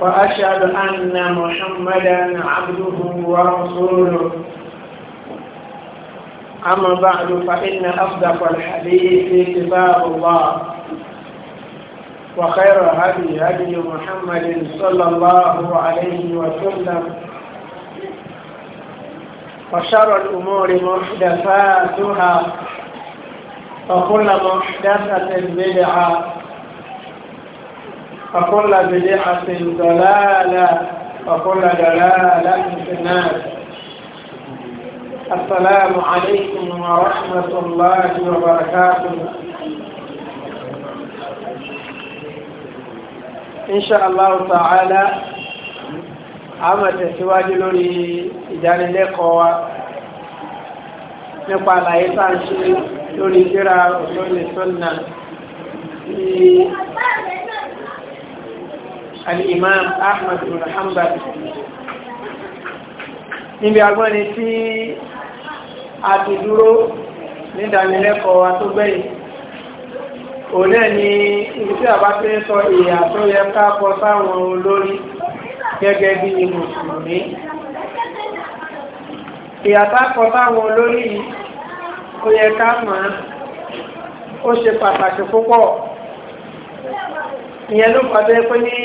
وأشهد أن محمدا عبده ورسوله أما بعد فإن أصدق الحديث كتاب الله وخير هدي هدي محمد صلى الله عليه وسلم وشر الأمور محدثاتها وكل محدثة بدعة وكل بدعة ضلالة وكل ضلالة في الناس السلام عليكم ورحمة الله وبركاته إن شاء الله تعالى àmọ̀ tẹ̀síwájú lórí ìdánilẹ́kọ̀ọ́ wa nípa àlàyé tá à ń ṣe lórí ìdíra al-imam ahmed bin hanbal níbi agbọ́ni tí a ti dúró ní ìdánilẹ́kọ̀ọ́ wa tó gbẹ̀yìn òun náà ni ibi tí àbá ti ń sọ ìyà tó yẹ ká sáwọn olórí gẹ́gẹ́ bí mùsùlùmí ìyà tá sáwọn olórí yìí ó yẹ ká ó ṣe pàtàkì púpọ̀ ìyẹn ló pàtẹ́ pé ní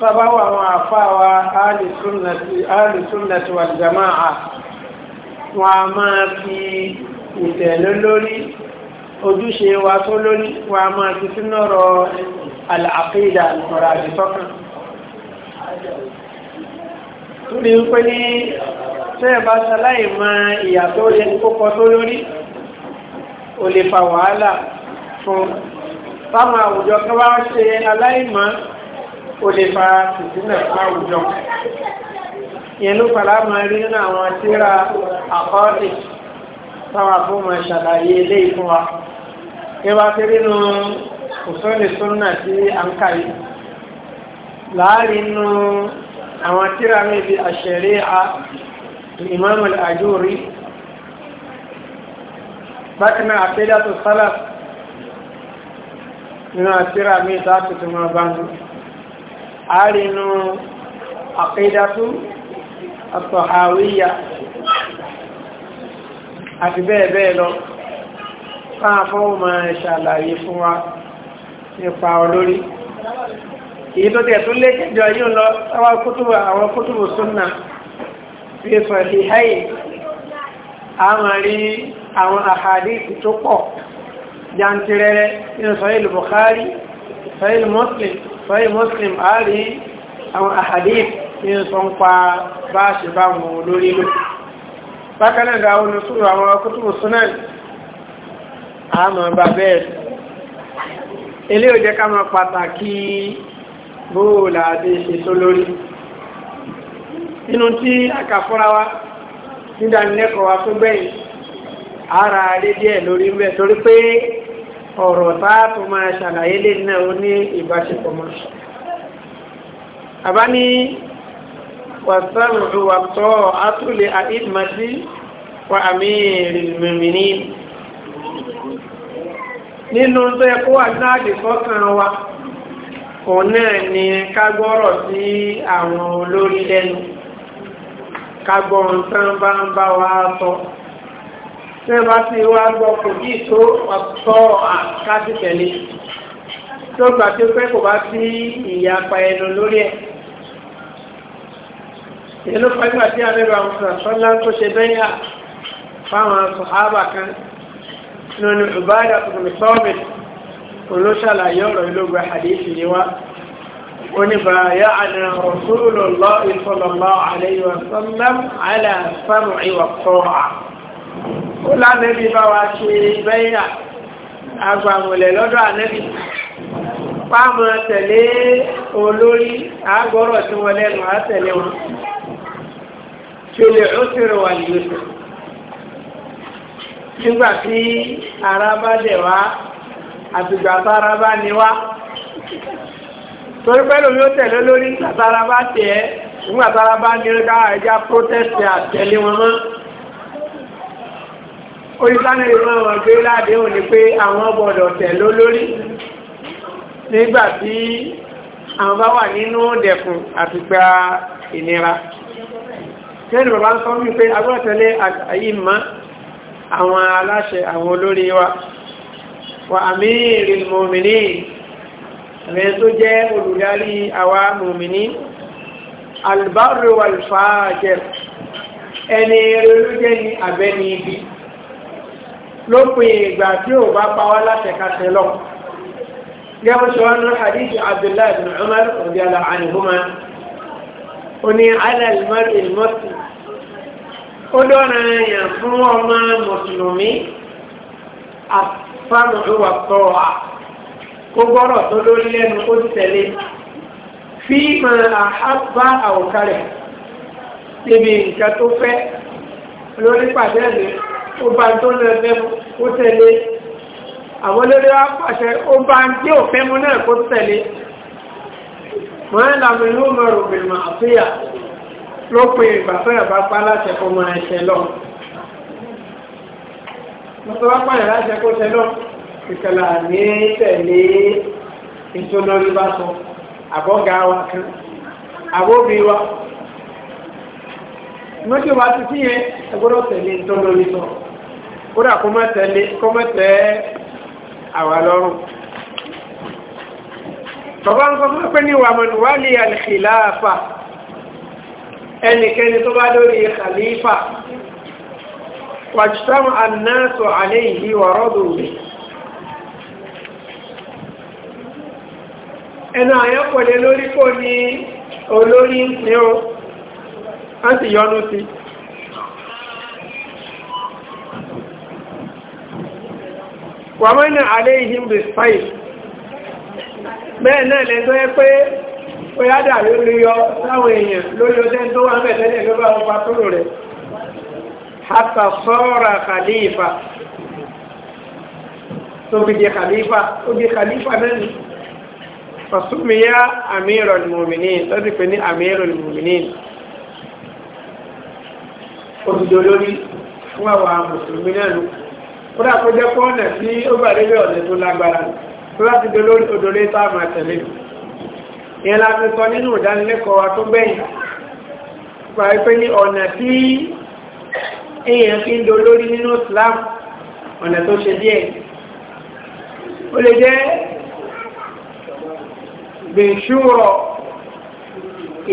sábáwá àwọn àfáwà alìsúnnàtì wal jama'a wọn a máa fi ìtẹ̀lé lórí ojúṣe wa tó lórí wọn a máa fi sínú ọ̀rọ̀ àlàáfíìdà ọ̀rọ̀ àdìsọ́kàn torí pé ní tẹ́ẹ̀bá sáláì máa ìyà tó yẹ kókọ tó lórí o lè fa wàhálà fún táwọn àwùjọ kan wá ṣe ó lè fa tìtìlẹ̀ fún àwùjọ yẹn ló fara máa rí nínú àwọn tíra àkọọ́lẹ̀ táwọn àfọmọ ṣàlàyé eléyìí fún wa ẹ wá sí nínú òṣèlú súnà tí à ń kà yìí láàrin nínú àwọn tíra méjì àṣẹrí a ìmáàmù àjúrí bákan náà àpéjá tó sálà nínú àtíra méjì tó máa bá ń àárínú àkídàtú àtọ̀háwíyà àti bẹ́ẹ̀ bẹ́ẹ̀ lọ fáà fọ́wọ́ ma ṣàlàyé fún wa nípa olórí èyí tó tẹ̀ tó lé kẹjọ yíò lọ àwọn kútùbù súnnà fi sọ̀lì haì a máa rí àwọn àhàdìsì tó pọ̀ jantirẹrẹ nínú sọ̀rọ̀ Bukhari sọ̀rọ̀ sọ́yí muslim a àwọn ahadif ní sọ́npa bá ṣe bá wọn olórí lò bákanáà àwọn olùsúrù àwọn akútùbù sunan àmọ́ bá bẹ́ẹ̀ ilé ò ká máa pàtàkì bóòlà àti ìṣètò lórí tí àkàfúnra wa nídánilẹ́kọ̀ọ́ wa tó gbẹ̀yìn ara rí díẹ̀ lórí torí ọ̀rọ̀ táà tó máa ṣàlàyé lè náà ó ní ìbáṣepọ̀ mọ́ àbá ní wàsánù wàtọ́ àtúlẹ̀ àìdìmọ̀sí wa àmì ìrìnmìnì nínú tó yẹ kó wà ní àdìsọ́kàn wa òun náà ni ká gbọ́rọ̀ sí àwọn olórí lẹ́nu ká tán bá ń bá wa sọ ṣé wá sí wá gbọ́ kò yí tó ọ̀tọ́ àkájú tẹ̀lé tó gbà tó pé kò bá sí ìyapa ẹnu lórí ẹ̀. èyí ló fẹ́ gbà tí abẹ́rẹ́ àwọn sọ̀rọ̀sọ́lá tó ṣe bẹ́yà fáwọn sọ̀hábà kan nínú ìbáàdà tuntun sọ́ọ̀bì olóṣàlàyé ọ̀rọ̀ ìlógbà àdéhìí ni wá ونبايعنا رسول الله صلى الله عليه وسلم على السمع والطاعة ó bá wa ṣe bẹ́yà agbàmùlẹ̀ lọ́dọ̀ ànẹ́bí pàmọ́ tẹ̀lé olórí àgbọ́rọ̀ tí wọ́n lẹ́nu àtẹ̀lé wọn ṣẹlẹ̀ ó tẹ̀rẹ̀ wà lóṣù nígbà tí ara bá dẹ̀ wá àtìgbà tára bá ní wá torí pẹ́lú mi ó tẹ̀lé lórí àtàrà bá tẹ̀ nígbà tára bá ní ká ẹja orísàmì ìmọ̀ àwọn gbé ládéhùn ni pé àwọn gbọ́dọ̀ tẹ̀ lólórí nígbà tí àwọn bá wà nínú dẹ̀kùn àti gba ìnira tẹ́lù bàbá ń sọ mí pé agbọ́tẹ̀lé àyí àwọn aláṣẹ àwọn olórí wa wà àmì ìrìnmòmìnì rẹ̀ tó jẹ́ olùdarí àwa mòmìnì albarro wal ẹni rẹ̀ ló jẹ́ ní abẹ́ni ibi lópin ìgbà tí ò bá pa wá láṣẹ kàṣẹ lọ. gẹ́gẹ́ sọ wọn náà hadith abdullahi bin umar radiyallahu anhuma ó ní alalmar ilmọ́sì ó dọ́ra yàn fún ọmọ mùsùlùmí àfàmùhùwà tọ́wà kó gbọ́rọ̀ tó lórí lẹ́nu ó ti tẹ̀lé fi máa àhábá níbi nǹkan tó fẹ́ lórí pàdé ẹ̀mí ó bá tó lọ ẹgbẹ́ mu ó tẹ̀lé àwọn olórí wa pàṣẹ ó bá ń tí òfẹ́ mu náà kó tẹ̀lé wọ́n ń làmì inú mọ̀rọ̀ bìrìmọ̀ àfíyà lópin ìgbà fẹ́ ẹ̀bá pa láti ẹ̀kọ́ mọ ẹ̀ṣẹ̀ lọ. lọ́sọ̀ wá pààyàn láti ẹ̀kọ́ ṣẹ lọ ìṣẹ̀lẹ̀ àní tẹ̀lé ìtòlórí bá sọ àbọ̀gá wa kan àbóbi wa mọ́tò ti fi kódà kó má tẹ̀lé kó má tẹ́ àwa lọ́rùn bàbá ń sọ fún pé ní wàmọ̀nù wà ní alìkìláàfà ẹnikẹ́ni tó bá lórí khalifa wàjútàmù annáàtò aléyìí wà rọ́dùn rẹ̀ lórí kò ní olórí ní ó láti yọnu sí wàmọ́nà aléhìn bí spain bẹ́ẹ̀ náà lẹ́tọ́ ẹ pé ó yádà lórí yọ láwọn èèyàn lórí ọjọ́ tó wà mẹ́tẹ́lẹ̀ ló bá wọn pa tóró rẹ̀ hata sọ́ọ̀rà kàlífà tó fi jẹ kàlífà ó jẹ kàlífà náà ni fàṣúmìyà amíràn mùmìnín tó ti ní amíràn mùmìnín òdìdó lórí fún àwọn mùsùlùmí náà lókù kódà kó jẹ́ pé ọ̀nà tí ó gbà lélẹ̀ ọ̀nà tó lágbára tó láti dé lórí òdòdó tá a máa tẹ̀lé ìyẹn la fi sọ nínú ìdánilẹ́kọ̀ọ́ wa tó gbẹ̀yìn pa pé ní ọ̀nà tí èèyàn fi ń do lórí nínú Islam ọ̀nà tó ṣe díẹ̀ ó lè jẹ́ bẹ̀ṣúrọ̀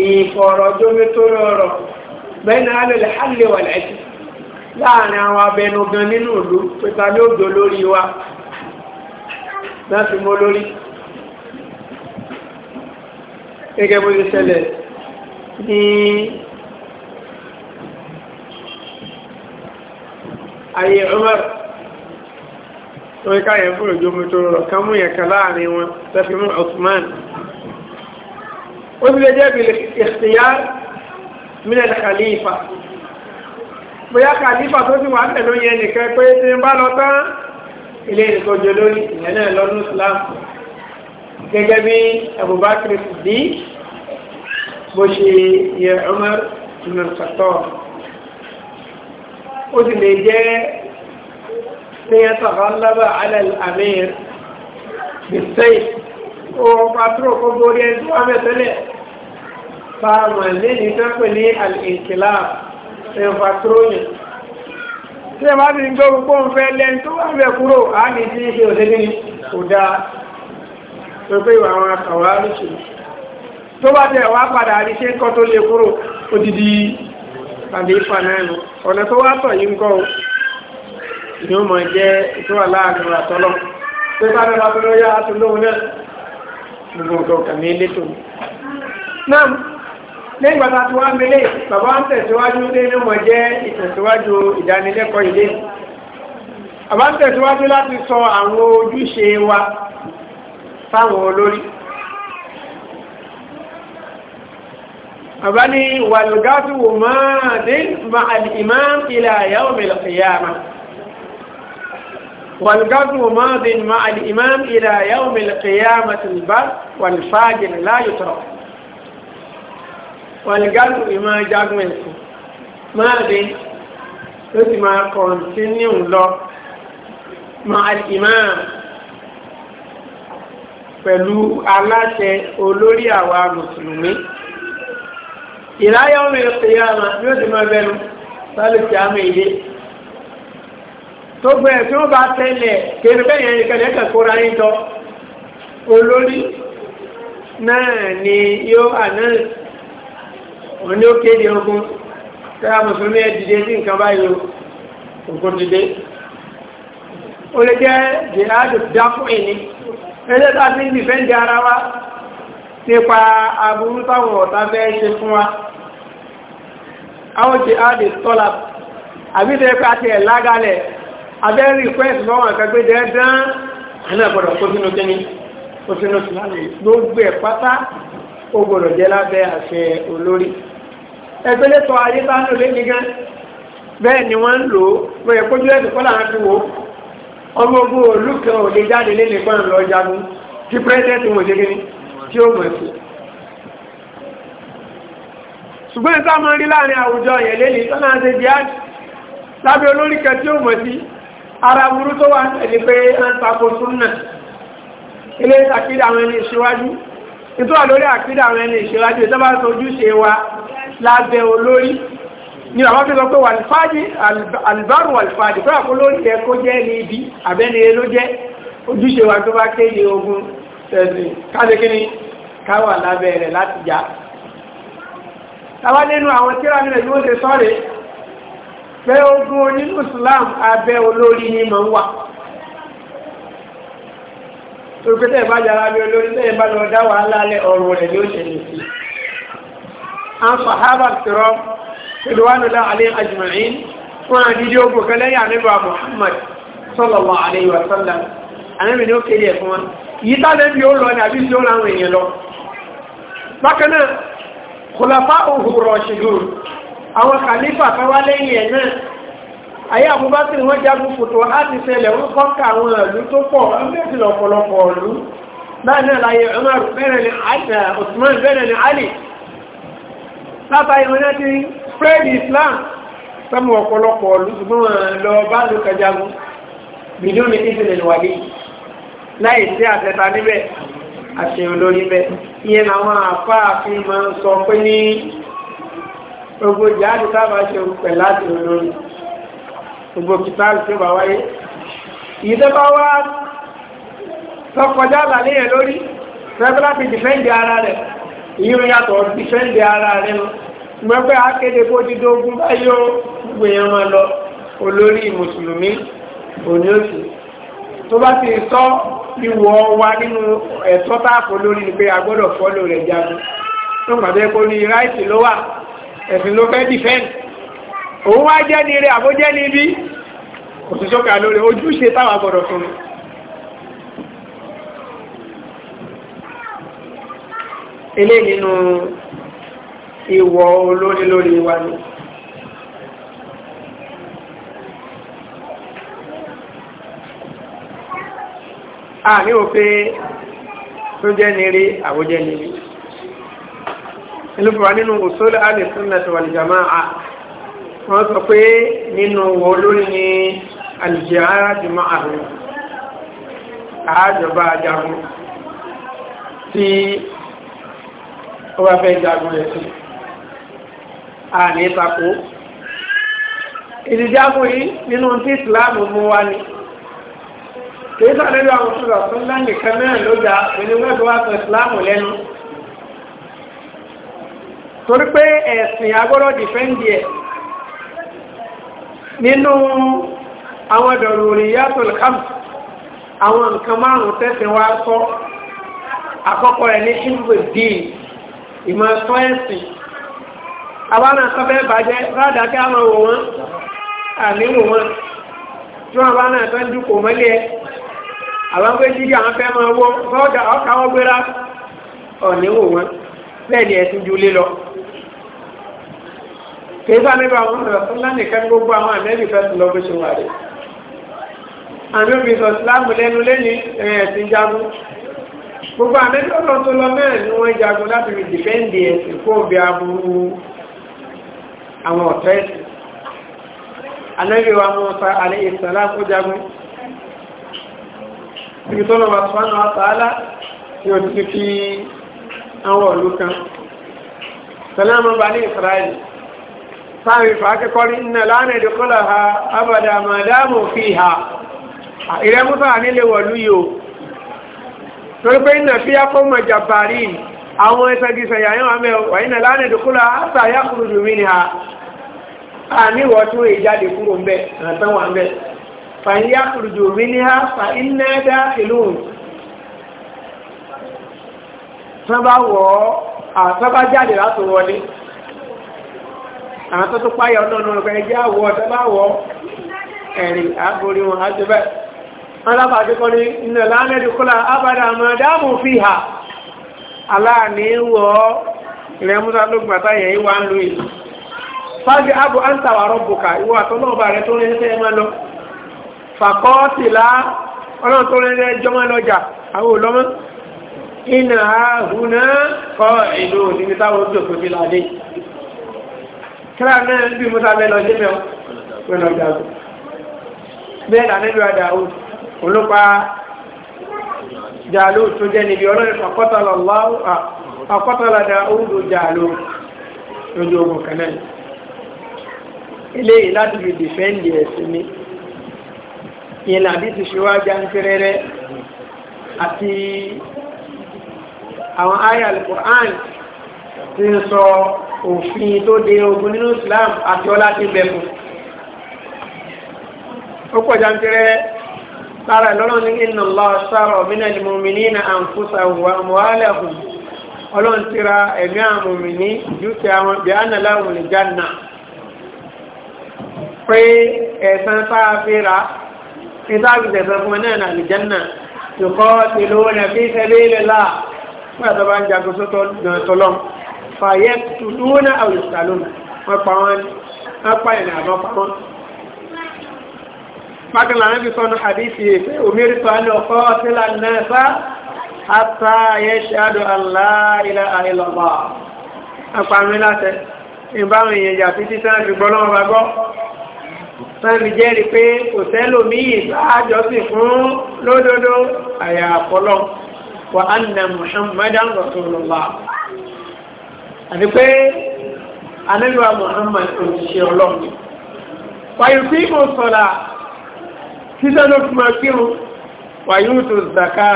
ìfọ̀rọ̀jómi tó rọrọ̀ bẹ́ẹ̀ náà lè hálẹ̀ wà láìsí láàrin àwọn abẹnugan nínú ìlú pẹta ní òjò lórí wa láti mọ́ lórí gẹ́gẹ́ bó ti ṣẹlẹ̀ ní ayé Umar tó ká yẹn fún òjò mú tó rọ̀ ká mú yẹn ká láàrin wọn láti mú Osman ó ti lè jẹ́ ìbìlẹ̀ ìṣẹ́yà mílẹ̀ bóyá kàlífà tó ti wà ń tẹ̀lé yẹn nìkan pé tí ń bá lọ tán ilé ìtọ́jú lórí ìyẹn náà lọ́dún Islam gẹ́gẹ́ bí Abubakar di bó ṣe yẹ Umar ibn Khattab ó sì lè jẹ́ tí yẹn tọ̀kọ́ lọ́bà alẹ́ amir ó pàtrò kó borí ẹni tó wà mẹ́tẹ́lẹ̀ fáwọn lẹ́yìn tó pè ní al-inkilab ìfàtúróyìn tí ẹ bá ti ń gbọ́ gbogbo ń fẹ́ lẹ́n tó wà bẹ̀ kúrò á tí ṣe òṣèlú ni kò dáa tó pé ìwà àwọn akàwà ríṣe tó bá tẹ̀ wá padà rí ṣe nǹkan tó lè kúrò odidi tàbí fanáàlú ọ̀nà tó wá tọ̀ yìí ń kọ́ ni jẹ́ tó láàrin lẹ́yìn bàtà tí wọ́n mẹ́lẹ̀ bàbá ń tẹ̀síwájú nínú mọ̀ jẹ́ ìtẹ̀síwájú ìdánilẹ́kọ̀ọ́ ilé bàbá ń tẹ̀síwájú láti sọ àwọn ojúṣe wa sáwọn olórí bàbá ní wàlùgátù wò máa dé ma'al imam ila yawmil qiyamah والغزو wàlìgálù ìmọ̀ jagun ẹ̀sìn máa dé ló sì máa kọ̀ǹtínú lọ máa ìmọ̀ pẹ̀lú aláṣẹ olórí àwa mùsùlùmí ìráyọ̀ mi ìyá àmà bí ó ti máa bẹnu sálùkì àmì ìdí gbogbo ẹ̀ tí wọ́n bá tẹ́lẹ̀ kéré bẹ́ẹ̀ yẹn nìkan lẹ́kàn yín jọ olórí náà ni yóò ànáàsì òun ni ó kéde ogun tẹ́lá mùsùlùmí ẹ dìde sí nǹkan báyìí ogun dìde ó lè jẹ́ jihadu dákú ìní ẹgbẹ́ tá sí ìfẹ́ǹdì ara wa nípa aburú táwọn ọ̀tá fẹ́ ṣe fún wa àwọn jihadu tọ́lá àbí tẹ́ pé àti ẹ̀ lágalẹ̀ abẹ́ request lọ́wọ́ àkàgbé dẹ́ẹ́dán àná gbọ́dọ̀ kó sínú kíní kó sínú síláàlì gbogbo ẹ̀ pátá ó gbọ́dọ̀ jẹ́ lábẹ́ àṣẹ olórí ẹgbẹ́lẹ́ tọ́ ayé bá ń lò lé ní gan bẹ́ẹ̀ ni wọ́n ń lò ó bẹ́ẹ̀ kójú ẹ̀sùn kọ́ làwọn fi wò ó ọmọ ogun òòlù kan ò lè jáde lé nìkan lọ jagun tí pírẹ́sẹ̀tì wọn ṣe kíni tí ó mọ̀ sí. ṣùgbọ́n ìta máa rí láàrin àwùjọ yẹn lé ní tọ́lá ṣe di á lábẹ́ olórí kan tí ó mọ̀ sí ara burú tó wà ní pé à ń takò súnnà ilé ìtàkìdá àwọn ẹni ìṣíwájú nítorí wà lórí àkídà àwọn ẹni ìṣèwájú ìjọba sojú ṣe wa lábẹ́ olórí ní àwọn fi sọ pé wàlfáàjì albaru wàlfáàjì pé àkó lórí ẹ kó jẹ́ ní ibi àbẹ́ni ló jẹ́ ojúṣe wa tó bá kéde ogun tẹ̀sìn káṣekíní káwà lábẹ́ rẹ̀ láti já tàbá ni mọ̀ torí tẹ́ bá yára bí olórí tẹ́ bá lọ dá wàhálà lẹ ọ̀rọ̀ rẹ̀ ló ṣe lè fi. àwọn sàhábà tìrọ ìlúwánu lá alẹ́ àjùmọ̀ín fún àdídí ogun kan lẹ́yìn àníbà Muhammad sallallahu alaihi wa sallam àníbi ni ó kéde ẹ̀ fún wa yìí tálẹ́ bí ó lọ ní àbí tí ó láwọn èèyàn lọ. bákan náà khulafa òhùrọ̀ ṣèlú àwọn kàlífà kan wá lẹ́yìn ẹ̀ náà ayé Abubakar wọ́n jagun fòtò láti ṣẹlẹ̀ wọ́n kọ́kà àwọn ìlú tó pọ̀ ẹgbẹ́sìlẹ̀ ọ̀pọ̀lọpọ̀ ìlú báyìí láyé Umar bẹ́rẹ̀ ní Osman bẹ́rẹ̀ ní Ali látàrí wọn ti spread Islam sọmọ ọ̀pọ̀lọpọ̀ ìlú ṣùgbọ́n lọ bá ló kẹjagun bìlíọ̀nù ìṣẹ̀lẹ̀ wàlí láì sí àtẹta níbẹ̀ àṣẹ olórí bẹ́ ìyẹn àwọn àfáàfin máa ń sọ pé ní gbogbo jáde sábà ṣe pẹ̀ láti olórí gbogbo kìtàlì tí ó bá wáyé ìdẹ́bá wá sọ́kọjá àlàyé yẹn lórí fẹ́fẹ́ láti dìfẹ́ǹdì ara rẹ̀ ìyún yàtọ̀ dìfẹ́ǹdì ara rẹ̀ lọ mẹ́fẹ́ akéde kó dídó ogun báyìí ó gbogbo yẹn máa lọ olórí mùsùlùmí òní òsì tó bá ti sọ ìwọ̀ wa nínú ẹ̀tọ́ táàpọ̀ lórí ni pé a gbọ́dọ̀ fọ́lò rẹ̀ jáde tó pàdé kó ní ráìtì ló wà ẹ̀sìn ló fẹ́ dìfẹ́ǹdì òun wá jẹ́ ní rẹ̀ àbójẹ́ ní ibi òṣìṣọ́kà lórí ojúṣe táwà gbọ́dọ̀ fún ilé nínú ìwọ̀ olórí lórí wa ní a ní o pé tó jẹ́ ní rí àbójẹ́ ní ibi ilúfọ̀wà nínú òṣòlù alìsúnnà wal jama'a wọ́n sọ pé nínú olórin ni alìjẹ́ máa àrùn àájọba ajagun tí ó bá fẹ́ jagun rẹ̀ sí àní ìtakò ìdíjagun yìí nínú tí ìsìláàmù mú wá ní kìí sọ lórí àwọn òṣèlú ọ̀tún lẹ́yìn kan náà pẹ̀lú mẹ́tọ́ wá sọ ìsìláàmù lẹ́nu torí pé ẹ̀sìn agbọ́dọ̀ dìfẹ́ǹdì ẹ̀ nínú àwọn dọ̀rùrì yàtọ̀ lẹ́kàm àwọn nǹkan márùn-ún tẹ́sẹ̀ wá sọ àkọ́kọ́ rẹ̀ ní ṣíbùbù díì ìmọ̀ ẹ̀sọ́ ẹ̀sìn àwọn àkọ́fẹ́ bàjẹ́ rádà a máa àníwò wọn ni kì í bá níbi àwọn ọ̀rọ̀ lánìkan gbogbo àwọn àmẹ́bí fẹ́ sùn lọ́gbé ṣe wà rẹ̀ àmì òbí sọ síláàmù lẹ́nu lẹ́ni ẹ̀sìn jagun gbogbo àmẹ́bí ọ̀rọ̀ tó lọ mẹ́rin ni wọ́n jagun láti fi dìfẹ́ǹdì ẹ̀sìn kó bí aburú àwọn ọ̀tọ́ ẹ̀sìn àmẹ́bí wa mọ́ sa alẹ́ ìsàlá kó jagun ibi tó lọ́wọ́ sọ́nà àtàlá tí ó ti fi àwọn ọ̀lú kan sàlámù bá ní ìsìráìlì sáàrin fàákẹ́kọ́ ní iná lánàá ìdíkọ́lá ha abàdà màdáàmù fi ha ìrẹ́ mọ́sá nílé wọ̀lú yóò torí pé iná fi yá fọ́mọ̀ jàbàrí àwọn ẹsẹ̀gìsẹ̀ yàyán àmẹ́ wà iná lánàá ìdíkọ́lá sàyà kúrò jùmí ni ha a níwọ̀ tí ó ìjáde kúrò ń bẹ́ àtàwọn àwọn tó tó páyà ọlọ́run ọgbẹ́ ẹjẹ́ àwọ̀ ọ̀dọ́láwọ̀ ẹ̀rìn àgbórí wọn àjẹ́bẹ̀ alábàájúkọ́ ní iná láàrẹ́dì kọ́lá àbádà àmàdáàmù fi hà aláàníwọ̀ ìrẹ́múta ló gbàtà yẹ̀ ìwà ń lò yìí fájú àbò àǹtàwà rọ́bùkà ìwọ àtọ́lọ́ọ̀bà rẹ tó rẹ́ńsẹ́ máa lọ fàkọ́ọ̀tìlá ọlọ́run tó rẹ́ńsẹ́ jọmọ́ lọ́jà àwọn olọ́mọ́ iná àhùnà kọ́ ìlú òdìmítàwọ̀ ojú òfin kíra mẹ́rin bí musa mẹ́lọ jẹ́ mẹ́wọ́ mẹ́lọ jago bẹ́ẹ̀ náà níbi ọjà olópa jàló tó jẹ́ níbi ọlọ́rin àkọ́tọ̀lá dáúdù jàló lójú ogun kanáà eléyìí láti fi dìfẹ́ǹdì ẹ̀sìn ni ìyẹn làbí ti ṣe wá jáńkẹrẹrẹ àti àwọn àyà alukur'an tí ń sọ òfin tó de ogun nínú Islam àti ọlá ti bẹ fún ó pọ̀ jantere lára ìlọ́lọ́ ní inna Allah sara minal mu'minina anfusahum wa amwalahum ọlọ́run ti ra fún náà nà tó kọ́ ti lówó nà fi sẹ́lẹ̀ ilẹ̀ fún àtọ́bá ń jagun sótọ́ fàyẹ tùdúnà àwùsàlùmù wọn pa wọn wọn pa ìrìn àbọ̀ pa wọn. bákan náà níbi sọ́nà àdìsí èfé omírí tó alẹ́ ọ̀fọ́ sílá náà sá àtà ayé ṣáàdù aláìlá àìlọ́bà wọn pa wa anna muhammadan rasulullah àti pé anábíwá Muhammad òṣìṣẹ́ ọlọ́run wàyùkú ìmọ̀ sọ̀la títẹ́ ló fi máa kírun wàyùtù zaka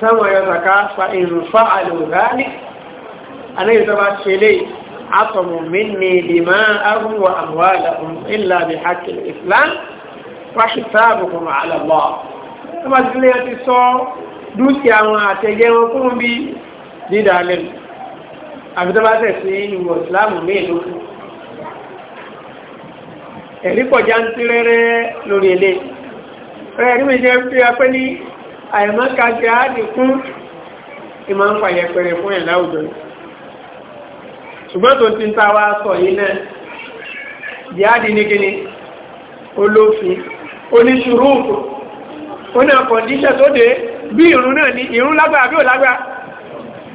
táwọn ẹ̀yọ zaka fa ìrùfà àlùzáàlì anábíwá tó bá ṣe lé àtọ̀mù mí ní ìdìmọ́ àrùwà àwọn àlàkùn ìlà bí hakil Islam wáṣí sáàbù àlàbọ̀ tó bá ti sọ dúkìá wọn àtẹ̀jẹ́ wọn fún bí dídà lẹ́nu àbí tó bá tẹ̀sí ìwọ̀ ìsìláàmù míì ló kù ẹ̀rí pọ̀já ń tí rẹ́rẹ́ lórí ilé rẹ̀ rí mi jẹ́ fi apẹ́ ní àìmọ́ka jẹ́ àádì fún ìmọ̀ ń fàyẹ̀ pẹ̀rẹ̀ fún ẹ̀lá òjò ṣùgbọ́n tó ti ń ta wá sọ yìí náà jẹ́ àádì ní kíni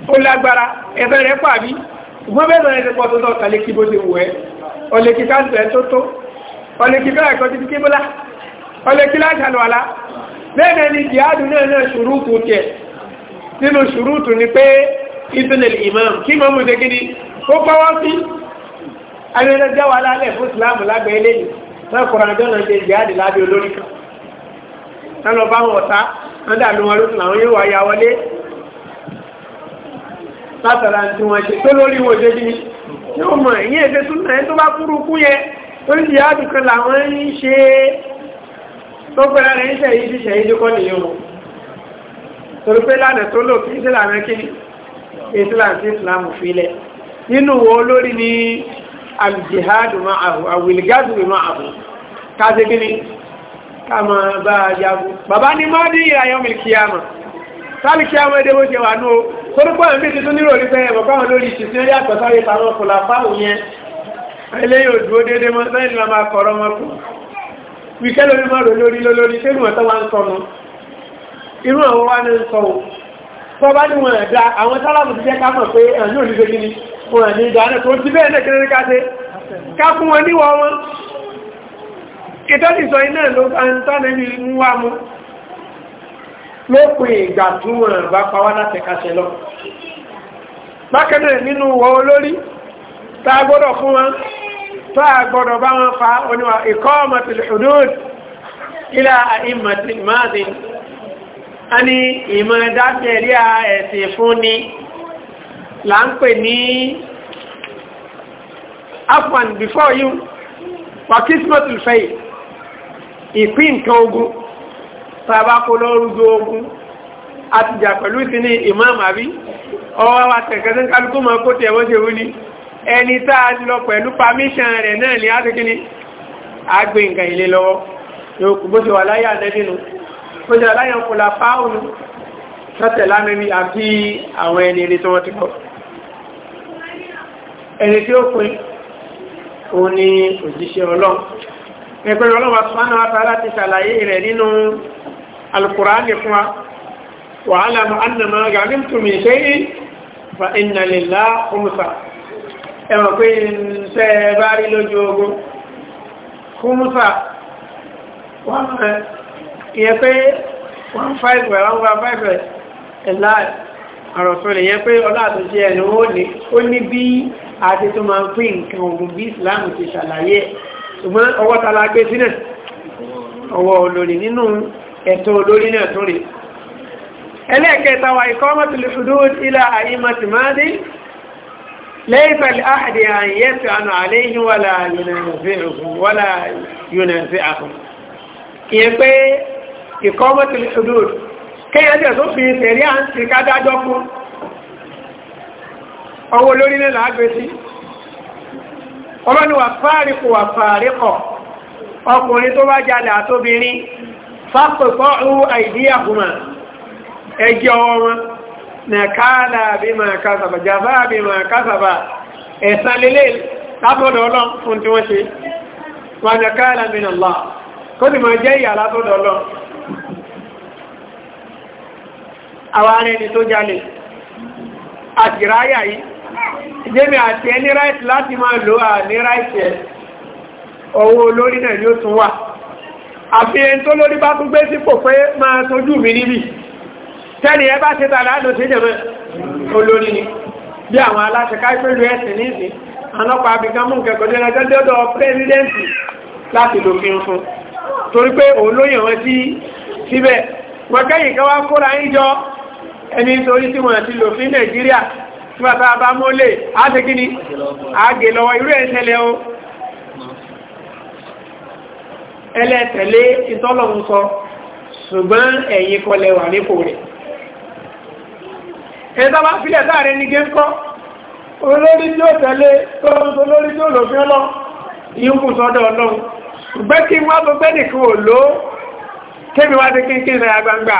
ó lágbára ẹ̀fẹ́ rẹ̀ pàbí wọ́n bẹ̀rẹ̀ rẹ̀ pọ̀ tó tọ́ta lè kí bó ti wù ẹ́ ọlẹ́kí káàkiri tó tó ọlẹ́kí káàkiri títí kébọ́lá ọlẹ́kí láṣàlọ́lá lẹ́nà ni jihadu náà ṣùrùtù tẹ̀ nínú ṣùrùtù ni pé imam kí mọ́ mú ṣegidi ó pọ́wọ́ sí ayélujára wà lálẹ́ fún islam lágbẹ̀ẹ́ lẹ́yìn náà kọ̀ọ̀rọ̀ àjọ náà ṣe jihadi lábẹ́ olórí kan náà látara tí wọ́n ṣe tó lórí wọn ṣe bí yóò mọ̀ ìyẹn èdè tún náà tó bá kúrú kú yẹ torí ti yáàdù kan làwọn ń ṣe tó pẹ́ra rẹ̀ ń ṣẹ̀yí ti ṣẹ̀yí tó kọ́ nìyẹn o torí pé lánàá tó lò kí ìsìlàmù kí bá jagun bàbá ni má dín ìrayọ́ mìlìkìyàmà sálìkìyàmà ẹ̀dẹ́gbọ́ṣẹ̀ wà ní o torípò ẹ̀mí tuntun nírò rí pé ẹ̀mọ̀ káwọn lórí ìṣìṣẹ́ rí àtọ̀sáyé táwọn kòlà fáwọn yẹn eléyìí ò dúró déédéé mọ́ sẹ́yìn ni wọ́n máa kọ̀rọ̀ wọn wíkẹ́ lórí mọ́ lórí lórí sẹ́yìn wọn tó ń sọ nu ni wọn lópin ìgbà tí wọ́n bá pa wá láti kàṣẹ lọ bákan náà nínú wọ olórí tá a gbọ́dọ̀ fún wọn tá a gbọ́dọ̀ bá wọn fa oníwà iqamatul hudud ila a'immati madin a ní ìmọ̀ dábẹ̀rí ẹ̀sìn fún ni là ń pè ní afwan before you wa kismatul fay ìpín nǹkan ogun sábà kó lọ́rùn ju ogun àti jà pẹ̀lú ti ní imam àbí ọwọ́ wa tẹ̀kẹ́ sí kálukú mọ́ kó tẹ̀ wọ́n ṣe wú ni ẹni tá lọ pẹ̀lú permission rẹ̀ náà ni a ti kí ni a gbé nǹkan ilé lọ́wọ́ yòókù bó ṣe wà láyé àdẹ́bìnú bó ṣe wà láyé ọkùnlá fáwọnù tọ́tẹ̀ lánàbí àti àwọn ẹni eré tí wọ́n ti kọ́ ẹni tí ó pin òun ni òjíṣẹ́ ọlọ́run ẹgbẹ́rún ọlọ́run wa sọ́nà wa ta láti ṣàlàyé rẹ̀ nínú القرآن fún وعلم أنما alamu من شيء فإن لله خمسة inna lillahi khumsa ẹ̀rọ pé ń tẹ́ bá rí lójú ogun khumsa wọ́n fẹ́ eh, ìyẹn pé one five rẹ̀ one five five rẹ̀ ẹ̀lá àròsọ lè yẹn pé ọlá àtúnṣe ẹ̀nà ó ní bí àti tó máa ń pín nǹkan ogun bí Islam ti ṣàlàyé ṣùgbọ́n ọwọ́ tala gbé ọwọ́ olórí nínú ẹ̀tọ́ olórí náà tó rí ẹlẹ́ẹ̀kẹta wà iqamatul hudud ila a'immati madin laysa li ahadin an yas'anu alayhi wala yunazi'uhum wala yunazi'uhum ìyẹn pé iqamatul hudud kéyànjẹ́ tó fi tẹ̀rí à ń ti kádájọ́ fún ọwọ́ olórí náà lágbé ọlọ́ni wà fáàríkù wà fáàríkọ̀ ọkùnrin tó bá jalè àtóbìnrin fáfẹ́fọ́ ọ̀hún àìdíyàkùnmá ẹjẹ́ ọwọ́ wọn na káàlà bí ma kásàbà jàfà bí ma kásàbà ẹ̀sàn lélẹ̀ látọ̀dọ̀ ọlọ́n fún tí wọ́n ṣe wọn na káàlà min Allah kó sì máa jẹ́ ìyà látọ̀dọ̀ àwọn arẹni àfi ẹni tó lórí bá tún gbé sípò pé máa tójú mi níbi tẹ́lẹ̀ ẹ bá ṣe tàdá àdó ṣe jẹ̀mọ́ olórí ni bí àwọn aláṣẹ káìpẹ́lú ẹ̀sìn ní ìsìn anọ́pàá abìkan mú kẹ́kọ̀ọ́ dé lọ́jọ́ dọ́dọ̀ pírẹ́sidẹ́ǹtì láti lòfin fún torí pé òun lóyìn wọn sí síbẹ̀ wọ́n kẹ́yìn kan wá kóra ń jọ ẹni torí tí wọ́n ti lòfin Nàìjíríà tí wọ́n bá mọ́lẹ̀ á ṣe kí ni àgè lọ́wọ́ irú ẹ̀ ẹlẹ́tẹ̀lé ìtọ́lọ̀hún sọ ṣùgbọ́n ẹ̀yin kọlẹ̀ wà nípò rẹ̀ ẹ̀ta bá fílẹ̀ sáàrẹ ní gẹ́ńkọ́ olórí tí ó tẹ̀lé tọ́lọ́run olórí tí ó lò fi ọlọ́ ìhùkù sọ́dọ̀ ọlọ́run ṣùgbẹ́ kí wá tó gbẹ́ nìkan ò ló kébí wá ti kínkín rẹ̀ agbangba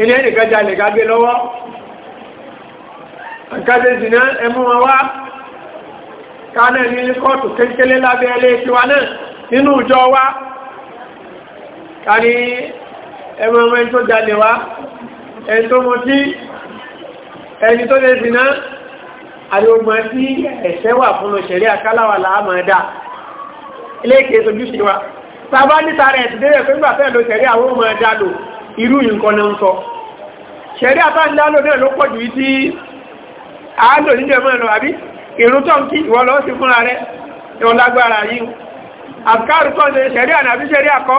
ilé nìkan jalè gágbé lọ́wọ́ ní kóòtù kéńkélé lábẹ́ ẹlé tiwa náà nínú ìjọ wa kárí ẹmọ ọmọ ẹni tó jalè wá ẹni tó mọ sí ẹni tó lè zìnà àríwọ̀gbọ̀n tí ẹ̀ṣẹ̀ wà fún òṣèré àkáláwà láàmàdà ilé ìkèé wa tàbá níta rẹ̀ ti dẹ́rẹ̀ pé gbà fẹ́ẹ̀ lọ ṣẹ̀rí àwọn ọmọ ẹ̀dá lò irú nǹkan náà ń sọ ṣẹ̀rí àtàndá lò náà ló pọ̀ jù tí a lò níjẹ̀ mọ́ ẹ̀lọ àbí ṣẹ̀rí ànàbí ṣẹ̀rí àkọ́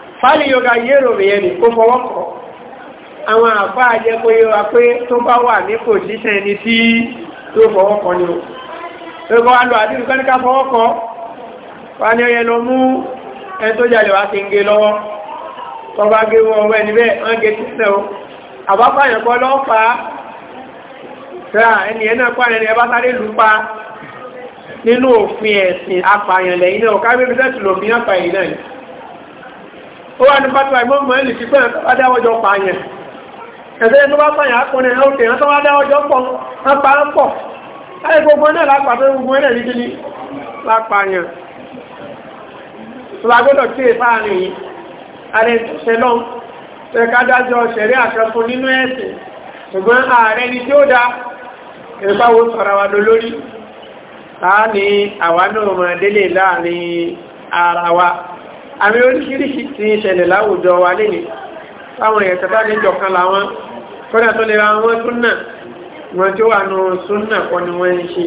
fáàlì yoga yérò rèé ni kó fọwọ́ kọ́ àwọn àfa àjẹpẹ́ wa pé tó bá wà ní pòsíṣẹ́ ẹni tí tó fọwọ́ kọ́ ni o ẹgbọ́n wa lọ àdínú kọ́ ní ká fọwọ́ kọ́ wa ni ọyẹ lọ mú ẹni tó jalè wá sí ń gé lọ́wọ́ tó gé wọ́n ọwọ́ ẹni bẹ́ẹ̀ wọ́n gé títẹ̀ o àbápàyàn kọ́ lọ́ọ̀fà ẹni ẹ̀ náà pààyàn ni ẹ bá sáré lù pa nínú òfin ẹ̀sìn apààyàn lẹ́yìn náà ọ̀ká ó wà ní pátá ìmọ̀mọ̀ ẹ̀lì pípẹ́ adáwọ́jọ́ pààyàn ẹ̀sẹ̀ tó bá pààyàn akọrin ẹ̀rọ òkè tó adáwọ́jọ́ pọ̀ ń pa ń pọ̀ láì gbogbo náà lápàtó gbogbo ẹ̀rẹ̀ rí kíní lápààyàn tó bá gbọ́dọ̀ tí è fáàrin yìí ààrẹ ṣẹlọ́n ẹ̀ka dájọ́ ṣẹ̀rí àkẹ́kọ̀ọ́ nínú ẹ̀sìn ṣùgbọ́n ààrẹ ni àwa àmì oríṣiríṣi ti ń ṣẹlẹ̀ láwùjọ wa lé ní táwọn èèyàn tẹ́tà níjọ kan làwọn kọ́nà tó lè ra wọn súnà wọn tí ó wà nù súnà kọ́ ni wọ́n ń ṣe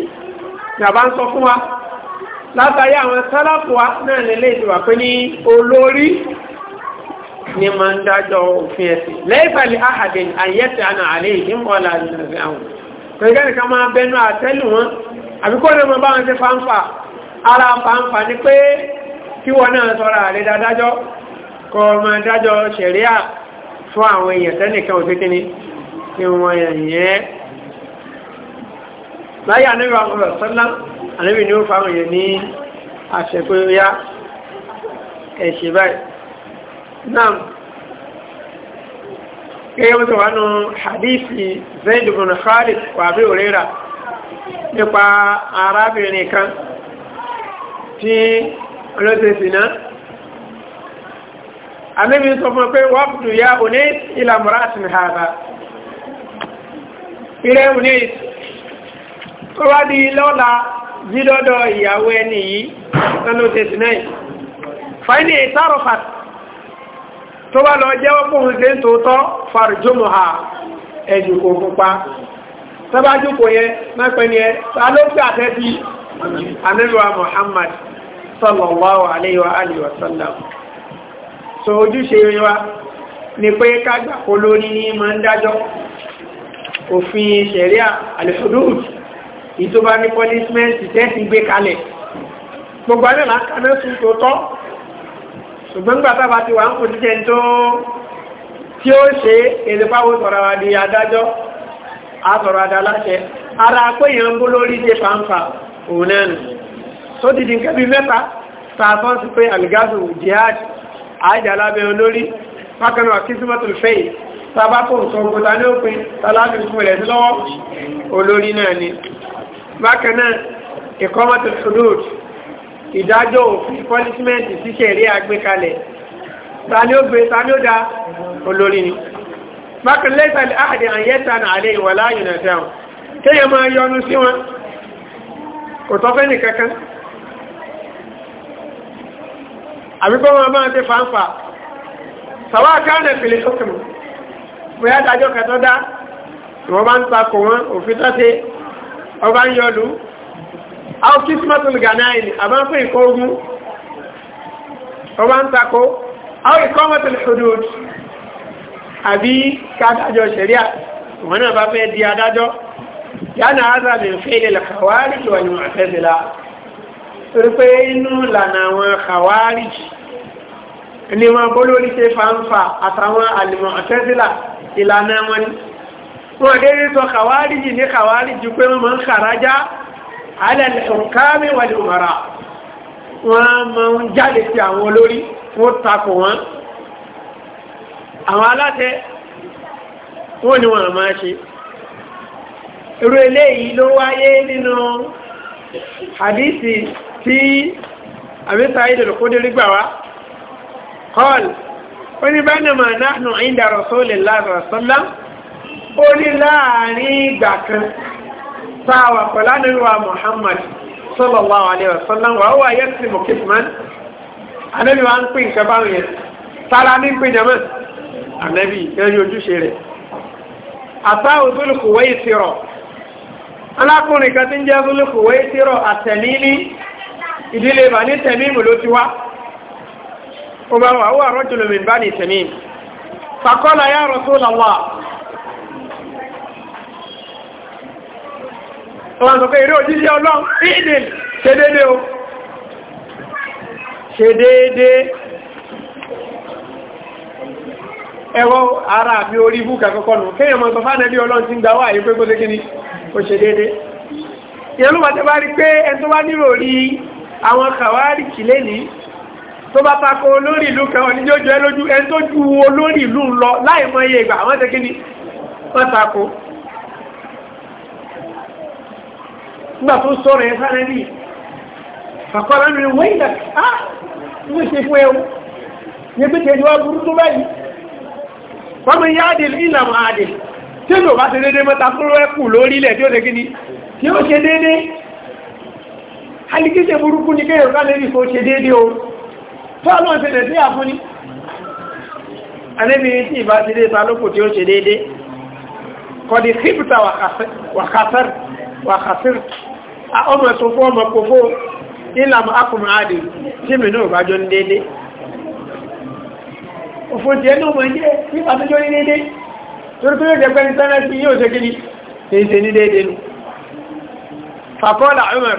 ní àbá ń sọ fún wa látàrí àwọn sálàpù wa náà lélẹ́ ìdìbà pé ní olórí ni máa ń dájọ́ òfin ẹ̀sìn lẹ́yìn pẹ̀lú ahàdìn àyẹ̀tẹ̀ àná àlẹ́ ìdímọ̀ọ́lá àdìnàfẹ́ àwọn kẹ̀kẹ́ nìkan máa bẹnu àtẹ́lù wọn àbíkọ́ ni wọ́n bá wọn ṣe ara fáńfà ni pé kí wọ́n náà sọ́ra àlẹ́ dájọ́ kọ ọmọ dájọ́ ṣẹ̀ríà fún àwọn èèyàn tẹ́nìkan òsìkíní kí wọ́n yẹ̀yẹ́ láyé àníbà ọ̀rọ̀ sọ́lá àníbì ní ó fáwọn èèyàn ní àṣẹ pé ó yá ẹ̀ṣẹ̀ báyìí náà gẹ́gẹ́ bí wọ́n nù hadithi Zaid ibn Khalid kan tí olóṣè sínà anábì sọ fún pé wọ́n ya òní ìlàmùrá àtìmì hàbà ìrẹ́ òní tó wá di lọ́la dídọ́dọ̀ ìyàwó ẹni yìí lọ́lọ́ṣè sínà yìí fàínì ìtàrọ̀fà tó bá lọ jẹ́wọ́ fóhun sí tòótọ́ fàrùjúmù ha ẹ̀jùkò pupa tọ́bájúkò yẹ Muhammad sallallahu alayhi wa alihi wa sallam so ojúṣe wa ni pé kágbà kó lórí ní ma ń dájọ́ òfin ṣẹ̀ríà alifudud ìtọ́bá ní punishment tẹ́sí gbé kalẹ̀ gbogbo alẹ́ là ń kaná sùn tó tọ́ ṣùgbọ́n gbà tábà ti wà ń kò jíjẹ tó tí ó ṣe èdèpáwò sọ̀rọ̀ àdì adájọ́ ara pé èèyàn ń lórí ṣe fàǹfà òun náà nìyẹn tó dìdì nǹkan bí mẹ́ta tààtọ́ sí pé alìgáàsù jihad àìjà lábẹ́ olórí pákanú àkísímọ́tò fẹ́yì tàbá kò sọ gbọ́ta ní òpin tàlábì fún rẹ̀ sí lọ́wọ́ olórí náà ni bákanáà ìkọ́mọ́tò hudud ìdájọ́ òfin punishment ṣíṣẹ̀ rí àgbékalẹ̀ ta ni ó gbé ta ni ó dá olórí máa yọnu sí wọn kò tọ́fẹ́ nìkankan àbíkọ́ wọn máa tẹ fàǹfà sàwọ́ àkáàdà ìpìlẹ̀ sókè mọ́ bóyá dájọ́ kẹtọ́ dá wọ́n bá ń takò wọn òfin tọ́tẹ ọba ń yọlu àwọn kìsímọ́tòlù gànáìlì àbáfẹ́ ìkọ́ ogun ọba ń takò àwọn ìkọ́ mọ́tòlù hudud àbí kádájọ́ ṣẹ̀ríà wọn náà bá fẹ́ di adájọ́ yánà áza lè fẹ́ ilẹ̀ lẹ́kọ̀ọ́ wáyé torí pé inú ìlànà àwọn kàwárì ni wọn bólórí ṣe fàǹfà àtàwọn àlùmọ̀ àtẹ́sílà ìlànà wọn ni wọn déédéé sọ kàwárì ní kàwárì ju pé wọn máa ń kàrájá alẹ́ òǹkàmì wà ní hadisi tí Abi Sa'id al-Khudri gbà wá kọ́ọ̀lù ó ní bá nàmà nahnu inda Rasulillah rọ̀sọ́lá ó ní láàrin ìgbà kan sáwà pẹ̀lánàwà Muhammad sallallahu alaihi wasallam wà ó wà yẹ́ sí mọ̀kísman anábì wa ń pè nǹkan báwọn yẹn tara ní pè jẹ́mọ́ anábì yẹn ojúṣe rẹ̀ àtà ìdílé bàní tẹ̀míìmù ló ti wá ó bá wà ó wà rọ́jòló mi bá ní tẹ̀míìmù fàkọ́lá yá Rasulullah wọ́n sọ pé eré òjíṣẹ́ ọlọ́run ìdè ṣe dédé o ṣe dédé ẹwọ́ ara mi orí búkà kọ́kọ́ nù kéèyàn mọ́ sọ fánẹ́bí ọlọ́run ti ń gbáwà yí pé kó ṣe dédé ó ṣe dédé ìyẹn ló bá tẹ́ bá rí pé ẹni tó bá nílò rí àwọn kàwárí kìlé ní tó bá takọ olórí ìlú kan oníjọ́jọ́ ẹ lójú ẹni tó ju olórí ìlú ń lọ láì mọ iye ìgbà àwọn tẹ́kí ni wọ́n takọ nígbà tó sọ̀rọ̀ ẹ sáré ní àkọ́lá mi wọ́n ìdà á ní ṣe fún ẹwọ́ ní pé tẹ́jú wá burú tó báyìí wọ́n alìkíṣẹ́ burúkú ní kéèrò ká lè ṣe dédé o tó àwọn ìṣẹ̀lẹ̀ sí àfún ní anẹ́bìnrin tí ìbá ti dé talókù tí ó ṣe dédé kọ̀dí kípùta wàkàfíìr ọmọ tó fọ́ ọmọ kòfó ìlàmù akùnmù àdì tí mi náà bájọ́ ní dédé òfin tí ẹnu ọmọ jẹ́ nípa tó jọ ní dédé ni èyí ṣe ní fàkọ́lá Umar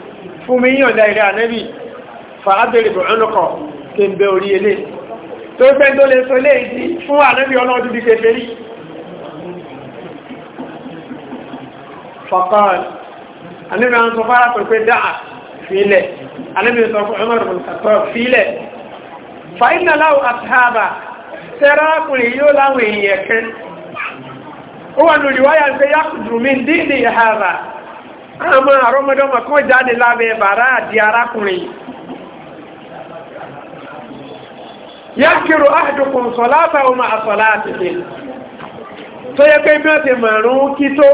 fún mi yíyànjẹ́ ìrẹ́ ànẹ́bì fàábẹ̀rẹ̀ bọ̀rọ̀lọ́kọ̀ tí ń bẹ orí elé tó gbẹ́ tó lè sọ ilé ìdí fún ànẹ́bì ọlọ́dún bí kẹfẹ́ rí fọ́kọ́ọ̀lù ànẹ́bì àwọn sọ fárá pẹ̀lú pé dáa àmọ́ àrọ́mọdọ́mọ kan jáde lábẹ́ bàrá àti arákùnrin yákìrò áàdùkùn sọ̀láta ọmọ àsọ̀lá àtìkè tó yẹ pé bí wọ́n ti kí tó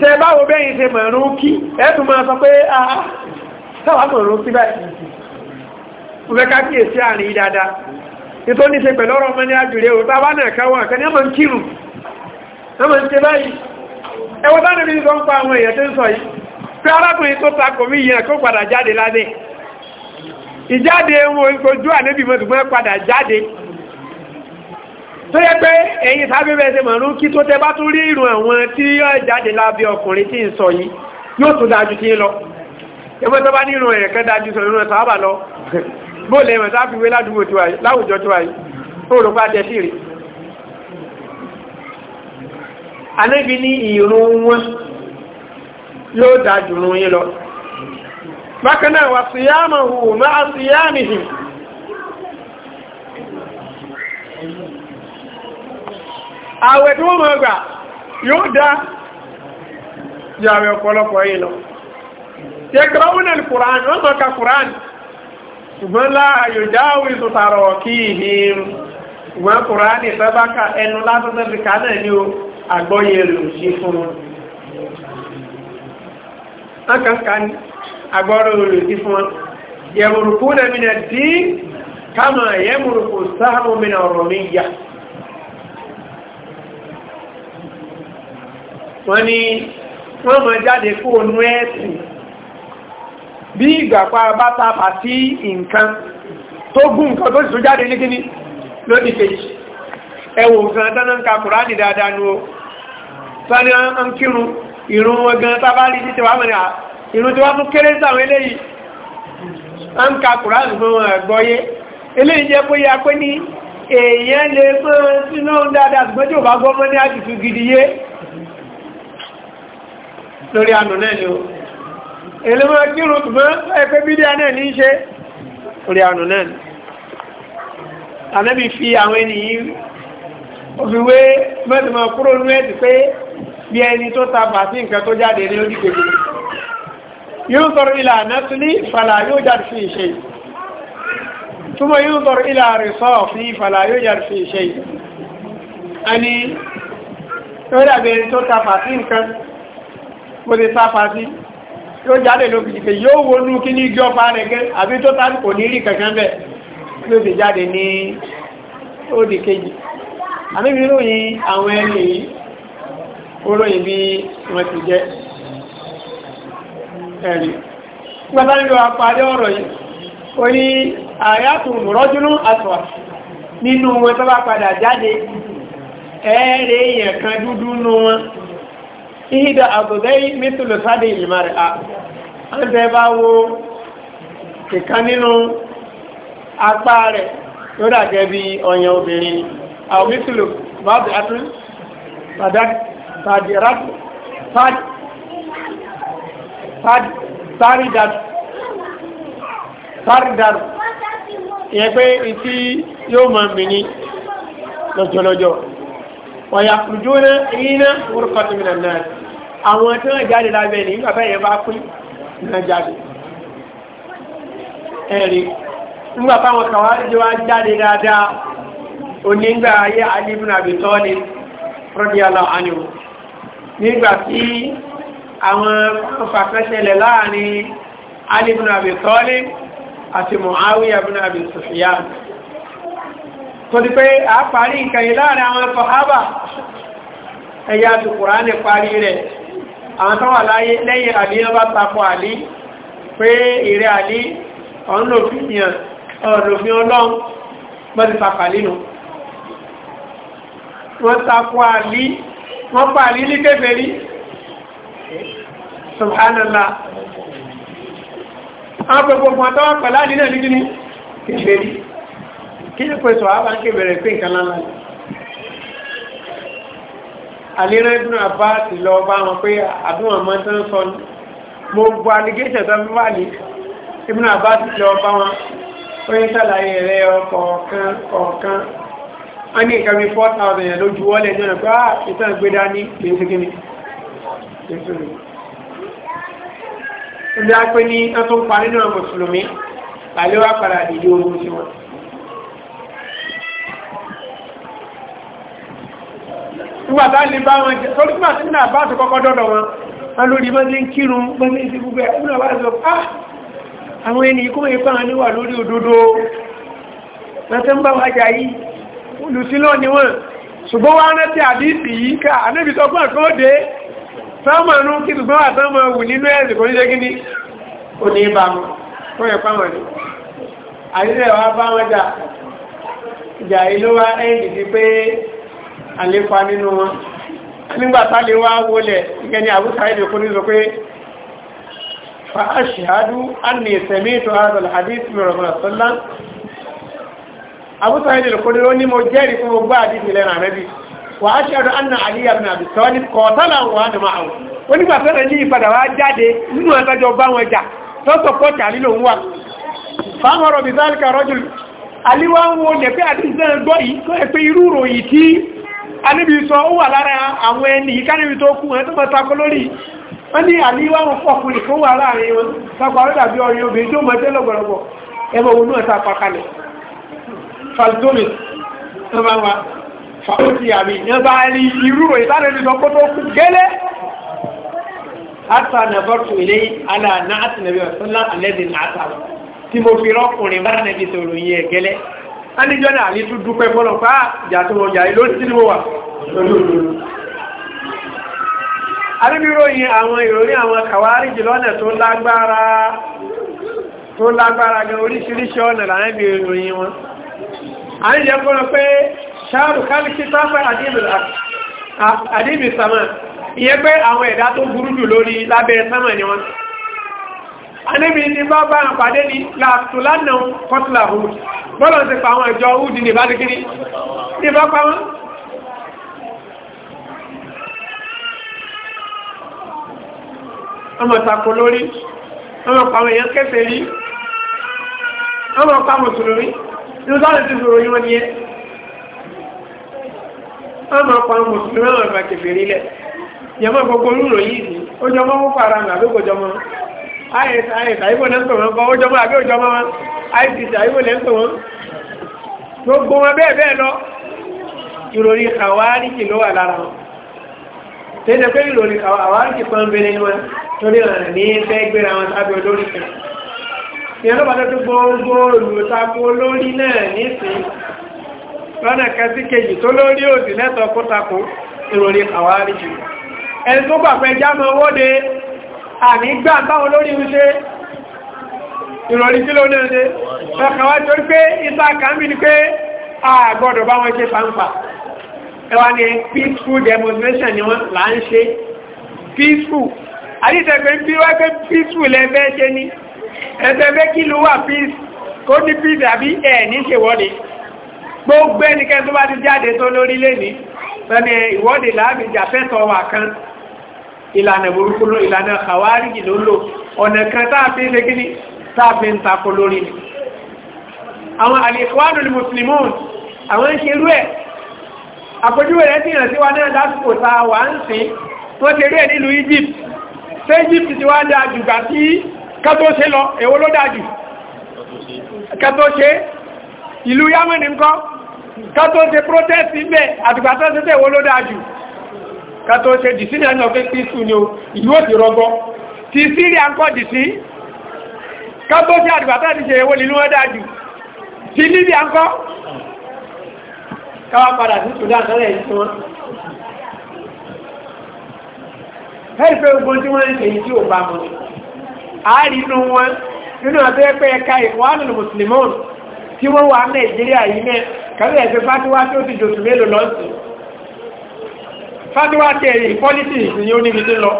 tẹ báwo bẹ́yìn ti mọ̀rún kí ẹ̀tù máa sọ pé ah, ah, àá sáwà bá pa àwọn èèyàn tó ń sọ yìí pé arákùnrin tó takò mí yẹn kó padà jáde ládé ìjáde wọn ojú ànébì mọ́tùgbọ́n padà jáde tó yẹ pé ẹ̀yin sábẹ́bẹ́ ṣe mọ̀rún kí tó tẹ bá tún rí ìrùn àwọn tí yóò jáde lábẹ́ ọkùnrin tí ń sọ yìí yóò tún dájú tí ń lọ ẹgbẹ́ tó bá ní ìrùn ẹ̀rẹ̀ kan dájú sọ ìrùn ẹ̀sọ́ àbà lọ bóòlẹ̀ ẹ̀mọ̀ sáfíwé ládùúgbò tí wáyé láwùjọ tí wáyé tó rò bá jẹ sí yóò dáa jùlọ yín lọ bákan náà wà síyáàmà hù máa síyáàmì hì àwẹ̀ tí wọ́n máa gbà yóò dá yàwẹ̀ ọ̀pọ̀lọpọ̀ yìí lọ yẹgbẹ̀rún náà kùránì wọ́n máa ka kùránì ṣùgbọ́n láàyò jáwé ìsòtàrọ̀ kí ìhìn ṣùgbọ́n kùránì sábà ka ẹnu látọ́tẹ́ fi ká náà ní o àgbọ́yẹ̀ lò sí fún wọn wọn kàn ká ní agbọ́rọ̀ olùdí fún wọn kama yẹmùrùkú sáàmù mi náà wọ́n ní wọ́n mọ̀ jáde kó onú ẹ̀sìn bí ìgbàpá bá tàbà sí nǹkan tó gún nǹkan tó sì tó jáde ní kíní lódì kejì ẹwò nǹkan tánà ń ìrún wọn gan tábàrí ní tiwa mọ̀ ní à ìrún tí wọ́n tún kéré sáwọn eléyìí wọ́n ń ka kùránì fún wọn gbọ́yé eléyìí jẹ́ pé ya pé ní èèyàn lè fún sínú dáadáa ṣùgbọ́n tí ò bá gbọ́mọ́ ní àtìtù gidi yé lórí ànù náà ni ó bí ẹni tó ta bàtí nǹkan tó jáde ní orí gbogbo yóò sọ̀rọ̀ ilà nẹ́sílì fàlà yóò jáde fi ṣe túnmọ̀ yóò sọ̀rọ̀ ilà rẹ̀ sọ́ fi fàlà yóò jáde fi ṣe ẹni tó dàbí ẹni tó ta bàtí nǹkan mo ti ta bàtí yóò jáde ló fi yóò wọnú kí ní ìjọ àmì ìròyìn àwọn ẹni olóyìn bí wọ́n ti jẹ́ ẹ̀rí gbọ́dá nílò àpàdé ọ̀rọ̀ yìí ó ní àyàtùn rọ́júnú àtọ̀wà nínú wọn tó bá padà jáde ẹ̀ẹ́rẹ́ èèyàn kan dúdú nú wọn ìhìdà àgùdẹ́ mítùlù sáde ìlìmọ̀ rẹ̀ à ń tẹ́ bá wo ìkan nínú apá rẹ̀ tó dàgẹ́ bí obìnrin àwọn mítùlù bá Sadirat, Sad, Sad, Saridat, Saridat, ìyẹn pé ìtí yóò máa mì ní lọ́jọ́lọ́jọ́. Ọ̀yà kùjú náà iná orúkọ̀tí mi nàá. Àwọn tí wọ́n jáde lábẹ́ ní nígbà bẹ́ẹ̀ bá pín náà jáde. Ẹ̀rí, nígbà táwọn kàwárí jẹ́ wá jáde dáadáa, onígbà ayé Ali ibn Abi Talib, radiyallahu anhu nígbàtí àwọn fàfẹ́ṣẹlẹ̀ láàrin Ali ibn Abi Talib àti Muawiya ibn Abi Sufyan tó di pé a parí ìkẹyìn láàrin àwọn sàhábà ẹ̀yà àti Kùránì parí rẹ̀ àwọn tó wà láyé lẹ́yìn àdíyàn bá tapọ̀ àlí pé ìrẹ́ àlí ọ̀nà òfin wọ́n parí ní kèfèrí subhanallah àwọn pẹ̀lú ọmọ tó wà pẹ̀lá nínú ní gíní kèfèrí kí ní pẹ̀sọ̀ àbá ń kèbèrè pé nǹkan lánàá àlérẹ́ ìdúnà bá ti lọ bá wọn pé àdúnwà mọ́ tán sọ mo gbọ́ allegation tó fífà ní ìdúnà bá ti lọ bá wọn ó ń ṣàlàyé rẹ̀ ọkọ̀ọ̀kan kọ̀ọ̀kan a ní nǹkan bí 4,000 yẹn lójú wọ́lẹ̀ jọ́nà pé ah ìtàn gbé dání kìí sí kíní ìdí apé ní ẹ̀tún pa nínú àwọn mùsùlùmí àléwà padà dìde ogun sí wọn nígbà tá lè bá wọn jẹ́ torí nígbà tí náà bá ti kọ́kọ́ dọ́dọ̀ wọn wọn lórí wọn ní kírun wọn ní ìsìn gbogbo ẹ̀ nígbà bá ti sọ ah àwọn ènìyàn kó mọ̀ ipá wọn níwà lórí òdodo wọn tẹ́ ń bá wọn yìí olùsílọ ni wọ́n ṣùgbọ́n wá rántí àdíìsì yìí ká anábì sọ pọ̀ kó dé sọ́mọ̀nú kí ṣùgbọ́n àtọ́mọ̀ wù nínú ẹ̀sìn kò ní ṣe gíní ò ní ìbámu tó yẹ pàmọ̀ ní àdíṣẹ́ wa bá wọn jà ìjà al-hadith min rasulillah abúta ẹni lè kọ́ni ló ní mo jẹ́rìí fún gbogbo àdìsí lẹ́nu àrẹ́bí wà á ṣe ọdún anna Ali ibn Abi Talib kọ̀ọ̀tọ́là wà ní máa wò onígbà fẹ́rẹ̀ ní ìpadà wá jáde nínú ẹ̀tọ́jọ́ bá wọn jà tọ́sọ̀ pọ́tà lílò ń wà fáwọn ọ̀bí sáàlìkà rọ́jù aliwá ń wo nẹ̀fẹ́ àti ìsẹ́rẹ̀ gbọ́ yìí tó ẹ pé irú ròyìn tí aníbi sọ ó wà lára àwọn ẹni ìkánibí tó kú ẹ̀ tó mọ́ takọ lórí wọ́n ní aliwá ń fọkùnrin kó wà láàrin wọn takọ àrídàbí ọ̀rin obìnrin tó mọ́ tẹ́lọ̀gbọ̀rọ̀gbọ̀ ẹmọ òun náà ta pàkalẹ̀ faltomi ọmọ wa fàkótì àmì ìyẹn bá rí irú rẹ̀ ìtànẹ́bí sọ kó tó kú gẹ́lẹ́ ata nàbọ́tù ilé ala nàátì nàbí ọ̀sánlá alẹ́dì nàátà tí mo fi rọ́kùnrin bá nàbí sọ̀rọ̀ yìí ẹ̀gẹ́lẹ́ alíjọ́ náà ní tún dúpẹ́ fọ́lọ̀ pa ah, ìjà tó wọ́n jà ló sí mo wà lọ́dún òdòdó. alíbíròyìn àwọn ìròyìn àwọn kàwárí jùlọ́nà tó lágbára tó lágbára gan oríṣiríṣi ọ̀nà làwọn ìròyìn wọn à ń yẹ kọ́ra pé ṣáàrù kálíkì sáfẹ́ àdìbì sàmà ìyẹn pé àwọn ẹ̀dá tó burú jù lórí lábẹ́ sàmà ni wọ́n anẹ́bí ní bá bá ń pàdé ní láàtò lánàá kọ́tùlà hù bọ́lọ̀ ti pa àwọn ìjọ hùdì ní bá dìkiri ní bá pa wọ́n ọmọ tako lórí ọmọ pa àwọn èèyàn kẹfẹ́ rí ọmọ pa mùsùlùmí inú sáré ti sòrò yín wọn ni ẹ wọn máa pa mùsùlùmí àwọn àgbà kẹfìrí lẹ yẹmọ gbogbo olúlo yìí sí ó jọ mọ fúnpa ara nà lóko jọmọ àìsí àìsí àyíkò náà ń pè wọn kọ ó jọmọ àbí òjọmọ wọn àìsí àyíkò náà ń pè wọn gbogbo wọn bẹ́ẹ̀ bẹ́ẹ̀ lọ ìròyìn àwárìkì ló wà lára wọn tẹ́lẹ̀ pé ìròyìn àwárìkì pọ́nbẹ̀rẹ̀ wọn torí ọ̀rọ̀ ní fẹ́ gbéra wọn sábẹ́ olórí kan ìyẹn ló bá tó gbogbo olùtakò lórí náà nísìn lọ́nà kẹsí kejì tó lórí òsì lẹ́tọ̀ kó takò ìròyìn àwárí jù ẹni tó gbàpẹ́ jámọ́ wọ́de ànígbà táwọn lórí ń ṣe ìrọ̀lì tí ló náà dé ọkàwà tó rí pé ìta kàmì ní pé àgbọ́dọ̀ bá peaceful demonstration ni wọ́n là peaceful àdìsẹ́gbẹ́ ń bí peaceful lẹ́gbẹ́ ẹ̀sẹ̀ pé kí ló wà peace kó ní peace àbí ẹ̀ ní ṣèwọ́de gbogbo ẹnikẹ́ni tó bá ti jáde tó lórí lẹ́ni sọ́ni ìwọ́de láàbì jàfẹ́tọ̀ wà kan ìlànà burúkú ló ìlànà àwárìgì ló lò ọ̀nà kan táàfin ṣe kí ni táàfin ń takò lórí ni àwọn al-Ikhwanul Muslimun àwọn ń ṣerú ẹ̀ àpójúwẹ̀ rẹ̀ tíyàn sí wa náà lásìkò ta wà ń sìn wọ́n ṣerú ẹ̀ nílùú Egypt ṣé Egypt ti wá dáa jùgbà sí kátó ṣe lọ èwo ló dájú kátó ṣe ìlú yámẹ́ni ńkọ́ kátó ṣe protest ibẹ̀ àtìgbàtọ́ ṣe tẹ́ èwo ló dájú kátó ṣe dìsí ní ẹ̀nà pé píṣù ni o ìlú ò ti rọgbọ ti Syria ńkọ́ dìsí kátó ṣe àtìgbàtọ́ ti ṣe èwo nínú wọn dájú ti Libya ńkọ́ káwá padà sí Sudan tẹ́lẹ̀ yìí tí wọ́n ẹ̀rí pé ogun tí wọ́n ń ṣe yìí tí ò bá mọ́ àárí inú wọn nínú ọ̀tọ́ ẹgbẹ́ ẹ̀ka ìwọ̀nù mùsùlùmọ́n tí wọ́n wà nàìjíríà yìí mẹ́ kàrí ẹ̀fẹ́ fátíwá tí ó ti jòsù mélòó lọ́sì fátíwá tí ẹ̀yìn pọ́lítì ìsìnyí oníbi tí lọ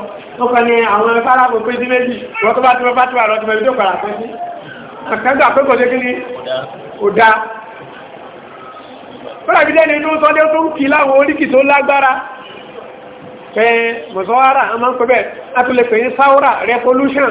ó kàn ní àwọn fáráàbò pé sí méjì wọ́n tó bá tí wọ́n fátíwá lọ ti mẹ́bí tó kàrà pẹ́ sí àkàndà pé kò dékìlì òdá fúnàbí lẹ́nu inú sọ́dẹ́ tó ń kí láwọn oríkì tó lágbára pé mọ̀sọ́wárà a máa ń pẹ́ bẹ́ẹ̀ a tún lè pè ní sáwúrà revolution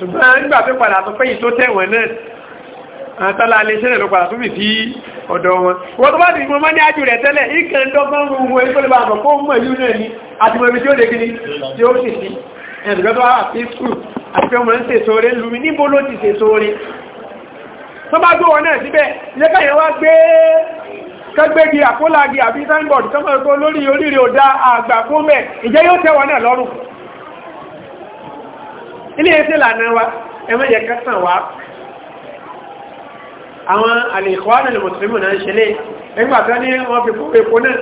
ṣùgbọ́n nígbà tó padà tó péyìn tó tẹ̀wọ̀n náà àtàlà alẹ́ṣẹ́lẹ̀ ló padà tó bì sí ọ̀dọ̀ wọn wọ́n tó bá ti mọ́ ní ájú rẹ̀ tẹ́lẹ̀ ìkẹ́ dọ́gbọ́n ohun ẹgbẹ́lẹ́bà àmọ̀ kó mọ̀ ìlú náà ní àti mọ̀ ibi tí ó lè gini tí ó sì sí ẹ̀dùgbọ́n tó wà sí skul àti pé ọmọ ń sèso rẹ̀ lùmí níbo ló ti sèso rẹ̀ tó bá gbé wọn náà síbẹ̀ ilẹ́kàyẹ̀ wá gbé kẹgbẹ́gi àkólagi àbí signboard kọ́mọ̀ lórí oríire ò dá àgbà fún mẹ́ ìjẹ́ yóò tẹ́wọ́ náà lọ́rùn ilé ẹsẹ̀ lànà wa ẹmẹ́jẹ kẹsàn wá àwọn àlèkọ́ àdàlè mùsùlùmí náà ṣẹlẹ̀ nígbà tó ní wọ́n fi fún epo náà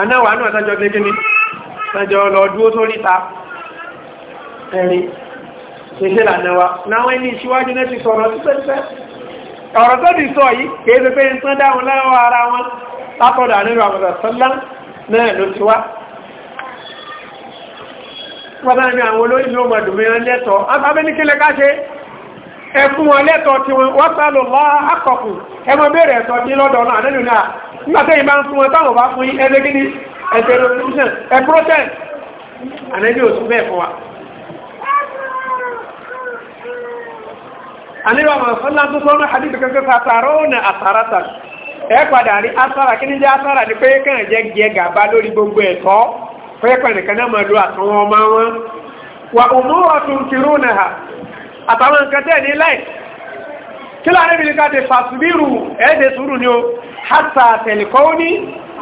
àná wà náà sájọ́ gbé gíní sájọ́ lọ dúó tó ríta ẹ̀rí ṣeṣẹ́ lànà wa náwọn ẹni ìṣíwájú náà ti sọ̀rọ̀ títẹ́tẹ́ ọ̀rọ̀ tó ti sọ yìí kèé bàbá ní àwọn olóyìn ló mọ̀ dùnmí wọn lẹ́tọ̀ abábẹ́ ní kílẹ̀ káṣe ẹkùn wọn lẹ́tọ̀ tí wọ́n sálò lọ́ akọ̀kù ẹmọ bèèrè ẹ̀tọ́ ní lọ́dọ̀ náà nínú náà nígbàtẹ́ ìbá ń fún wọn táwọn bá fún ẹgbẹ́ gidi ẹgbẹ́ revolution ẹ protest ànẹ́bí ò tún fẹ́pẹ̀ nìkan náà máa lo àtàwọn ọmọ wọn wà òmúwà tún kìrú nà ha àtàwọn nǹkan tẹ́ ní láì kí láàrin ìlú káàdì fàṣubírù ẹ̀ẹ́dẹ̀ sùúrù ni ó hátà tẹ̀lẹ̀kọ́ ní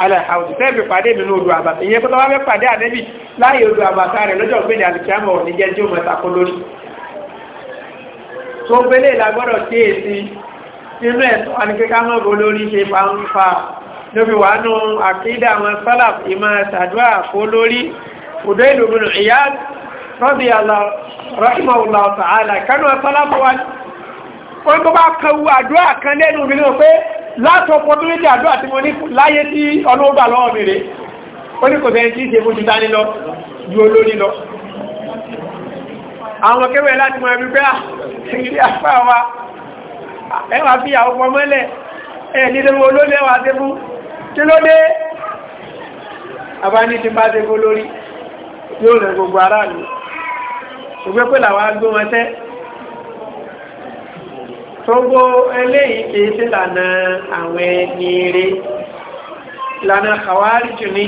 aláhàwùsù tẹ́ẹ̀bì pàdé mi ní odò àbàtà ìyẹn tó bá fẹ́ pàdé àdẹ́bì láàyè odò àbàtà rẹ̀ lọ́jọ́ gbé ní alìkíámọ̀ ní jẹ́ tí ó mọ̀ sàkó lórí tó gbélé ìlàgbọ́dọ̀ kíyèsí inú ẹ̀tọ́ àníkẹ́kẹ́ mọ́ lóbi wà nù àkídà àwọn sálàf ìmọ̀ ṣàdúrà fó lórí òdó ìlú bínú ìyá rọ́bì rọ́ìmọ̀lá ọ̀tàálà kánú sálàfù wa wọ́n tó bá kẹwu àdúrà kan lẹ́nu mi náà pé látọ̀ pọ̀túrẹ́tì àdúrà tí mo ní láyé tí ọlọ́gbà lọ́wọ́ mi rè ó àwọn kéwẹ̀ láti mọ̀ ẹbí pé àṣírí ah, àpá wa ẹwà fi àwọn ọmọ mọ́lẹ̀ ẹ̀ nílẹ̀ olólẹ́wà tẹ́bú kí ló dé àbáni ti bá dégbó lórí yóò rẹ̀ gbogbo aráàlú ṣùgbẹ́ pé làwọn agbó wọn tẹ́ tógbó eléyìí kìí sí lànà àwọn ẹni eré lànà kàwárí jù ní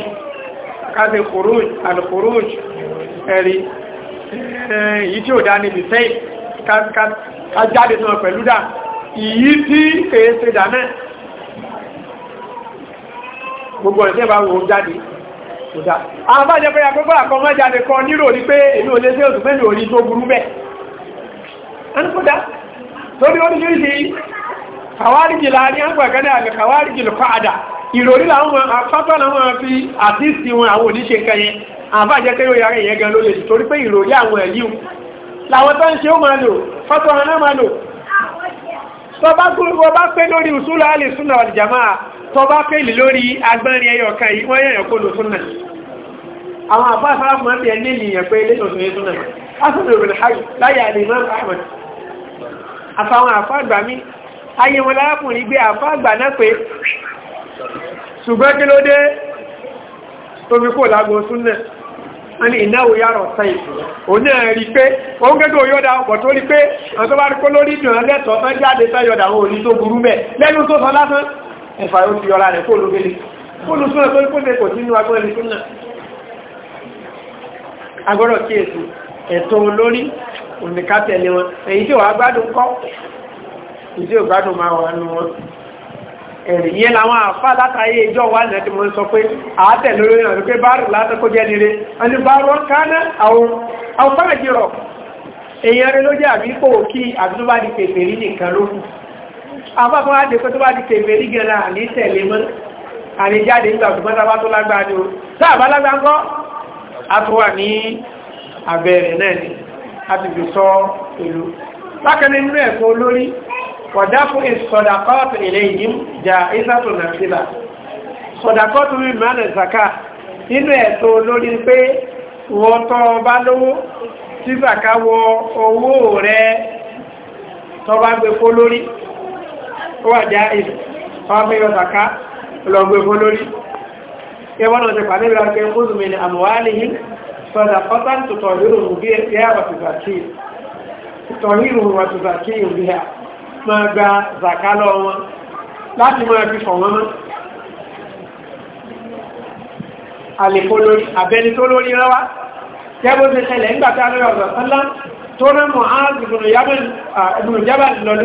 káfí kùrúj alùkùrúj ẹ̀rí èyí tí ò dá níbi sẹ́yìn kájáde tí wọn pẹ̀lú dà ìyí tí kìí sí dà náà gbogbo ẹ̀ tẹ́bà wo jáde kò dá àwọn bá jẹ́ pé àkókò àkọmọ́ jáde kan nírò ní pé èmi ò lè ṣe òtù mẹ́lì òní tó burú bẹ́ẹ̀ ẹni kò dá torí oríṣiríṣi kàwárìjì láàrin àgbàkẹ́dẹ́ àgbà kàwárìjì lọ́kọ́ àdà ìròrí làwọn afọ́tọ́ làwọn fi àtìsí wọn àwọn oníṣe kan yẹn àbá jẹ́ pé ó yára ìyẹn gan ló lè torí pé ìròrí àwọn ẹ̀yíun làwọn bá pé lórí ìsúlọ alìsúnà ọ̀lìjàmáà tó bá fèlì lórí agbẹ́rin ẹyọ kan yìí wọ́n yẹ̀yàn kó lò súnà àwọn àbá sáfún àti ẹni ènìyàn pé ilé ìtòsùn ní súnà asùn ìrìn hajj láyé alimam ahmed àtàwọn àfá àgbà mi ayé wọn lárákùnrin gbé àfá àgbà náà pé ṣùgbọ́n kí ló dé tóbi kó lágbó súnà wọ́n ni ìnáwó yàrọ̀ sáyì òun náà rí pé òun gẹ́gẹ́ yọ́dá ọ̀pọ̀ tó rí pé àwọn tó bá rí kó lórí ìdùn ọ̀dẹ́tọ̀ tán jáde sáyọ̀dà òun ní tó burú mẹ́ lẹ́nu tó sọ lásán ẹ̀fà yóò fi ọ̀la rẹ̀ kó ló gbélé kó ló súnà tó kó tẹ̀kọ̀ sínú agbọ́dọ̀ súnà agbọ́dọ̀ kíyèsí ẹ̀tọ́ olórí òǹdíkà tẹ̀lé wọn èyí tí wàá gbádùn kọ́ ìdí ògbádùn máa wà nù wọn ẹ̀rì yẹn làwọn àfá látàáyé ìjọ wà náà tí mo ń sọ pé àátẹ̀ lórí náà wípé báàrù látàkó jẹ́ nílé ẹni báàrù káná àwọn afárajìrọ̀ èèyàn rẹ ló jẹ́ àbí kò kí àbí tó bá di pèsè rí nìkan lókùn àbábọ́ àdékọ́ tó bá di kèfè rí gẹ̀rẹ́ àní tẹ̀lé mọ́ àní jáde nígbà tó bọ́ta bá tó lágbàá ni o sáàbá lágbàá ń kọ́ a ní abẹ́rẹ̀ náà ni a ti fi sọ ìlú lákẹ́lẹ́ nínú ẹ̀kọ́ olórí wọ̀dá fún ìsọdàkọ́ọ̀tù ilé yìí jà ìsàtò nàìjíríà sọdàkọ́ọ̀tù rí mọ́nà ìsàkà nínú ẹ̀tọ́ olórí pé wọ́n tọ́ ọba lówó tí tọ́ba gbé lórí ó wà já ìlú ọwọ́ fẹ́ yọ sàká lọ́gbẹ́ fún lórí ẹwọ́n náà ti pàdé bí wọ́n kẹ́ fún mi ní àmúwálì yìí sọ́dà pátán tutọ̀ hírù bí ẹ tutọ̀ hírù wọn tutọ̀ kí ìlú bí ẹ máa gba sàká lọ wọn láti máa fi fọ̀ wọn mọ́ àlèkò lórí àbẹni tó rán mọ̀ áàzùgbùnù jábàlì lọ́lú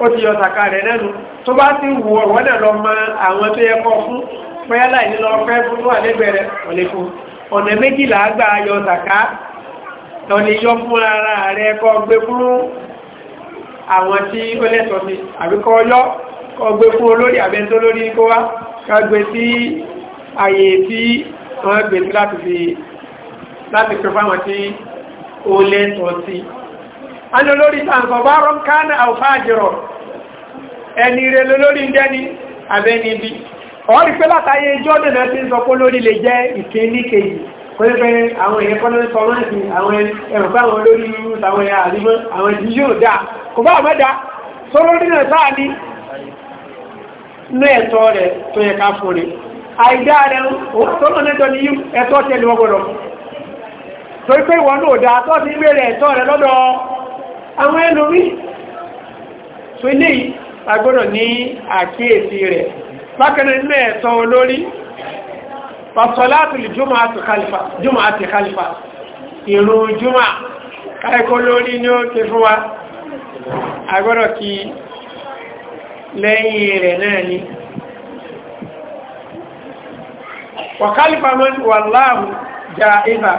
ó ti yọ sàkà rẹ̀ lẹ́nu tó bá ti wù ọ̀wọ́ náà lọ mọ àwọn tó yẹ kọ́ fún pẹ́yà láì ní lọ fẹ́ fún tó wà lẹ́gbẹ̀ẹ́ rẹ̀ ọ̀lẹ́ fún ọ̀nà méjìlá gbà yọ sàkà lọ lè yọ fún ara rẹ̀ kọ́ gbé fún àwọn tí ó lẹ́tọ̀ọ́ sí àbíkọ́ yọ kọ́ gbé fún olórí àbẹ́ntó lórí kó wá ká gbé sí àyè tí wọ́n gbé sí láti fi láti pẹ́ fáwọn tí ó lẹ́tọ̀ọ́ sí àni olórí tàǹkọ̀ bá rọ́m kánà àwòfá àjẹrọ̀ ẹni rẹ̀ lórí jẹ́ni àbẹ́ni bí ọ̀rí pé látàyé jọ́dọ̀nà ti ń sọ pé lórí lè jẹ́ ìkíní kejì pẹ́lẹ́pẹ́ àwọn èèyàn kọ́nà sọ mọ́sí àwọn ẹ̀rọ̀pá àwọn olórí àwọn ẹ̀yà àrímọ́ àwọn ìdí yóò dáa kò bá mẹ́ta sọ́rọ́ nínú sáà ní ní ẹ̀tọ́ rẹ̀ tó yẹ ká àwọn ẹlòmí tó ilé agbọ́dọ̀ ní àkíyèsí rẹ̀ bákanáà nínú ẹ̀tọ́ olórí fasọlátùlì jùmọ̀ àti khalifa ìrùn jùmọ̀ káẹ́kọ́ lórí ní ó ti fún wa agbọ́dọ̀ kí lẹ́yìn rẹ̀ náà ni wà khalifa mọ́n wà láàrùn jà ìdà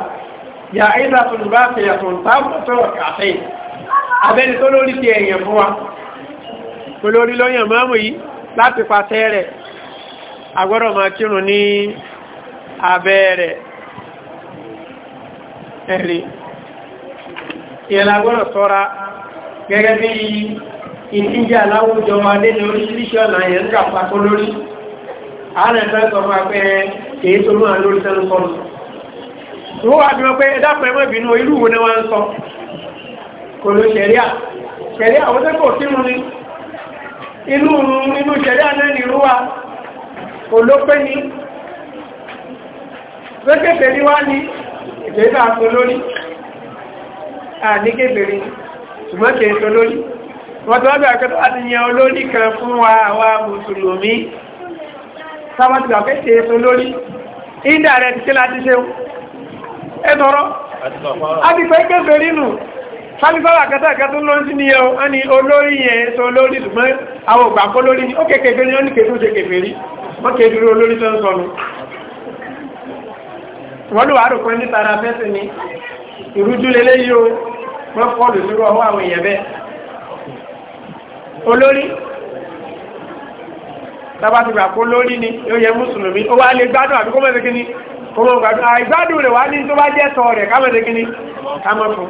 jà ìdà bá fi yàtọ̀ tábùtọ̀ kàfẹ́ abẹ́ni tó lórí ti ẹ̀yàn fún wa olórí lọ́yàn máàmù yìí láti pàṣẹ rẹ̀ agbọ́dọ̀ máa kírun ní abẹ́ rẹ̀ ẹ̀rí ìyẹn sọ́ra gẹ́gẹ́ bí ìdíjà láwùjọ wa ní oríṣiríṣi ọ̀nà yẹn ń kàpá tó lórí ààrẹ fún apẹ́ kò ló ṣẹ̀ríà ṣẹ̀ríà àwọn tó kò sínú ni inú inú ṣẹ̀ríà náà ní irú wa kò ló pé ní lókèfè ní wá ní ìgbésà tó lórí àníkèbèrè ṣùgbọ́n kèé tó lórí wọ́n tó wábẹ̀ àkẹ́tọ́ láti yan olórí kan fún wa àwa mùsùlùmí sábàtì gbà pé kèé tó lórí indirect kí láti ṣe ẹ̀tọ́rọ́ àti pẹ́ kèfè fálífàwà kẹtàkẹ tó lọ́n sí ní ẹ̀ wọ́n ni olórí yẹn tó lórí ṣùgbọ́n àwọn ògbà kó lórí ní ó kéèkéé ní ọ́nì kéèkéé ṣe kéèkéé rí wọ́n kéè dúró olórí tó ń sọnù wọ́n lò wá rò pé ní tara fẹ́sẹ̀ ni ìrújú lélẹ́ yìí o wọ́n fọ́ọ̀lù sí ni ó yẹ mùsùlùmí ó wá lè gbádùn àbíkó mẹ́sẹ̀ kí ni kó mọ̀ gbádùn àìgbádùn rẹ̀ wá ní tó bá jẹ́ tọ́ rẹ̀ ká mẹ́sẹ̀ kí ni ká mọ̀ fún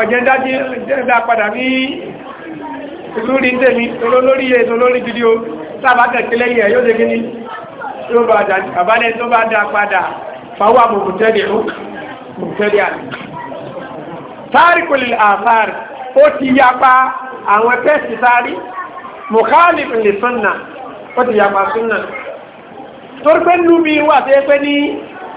ọ̀jẹ́ dájí jẹ́dá padà bí lórí tèmi olólórí yẹ olólórí gidi o sábà tẹ̀kílẹ̀ yẹ yóò dé gini tó bá dá àbálẹ̀ tó bá dá padà fàwọn àbùkù tẹ́lẹ̀ ó kùn tẹ́lẹ̀ àná sáàrì kò lè àfáàrì ó ti yapa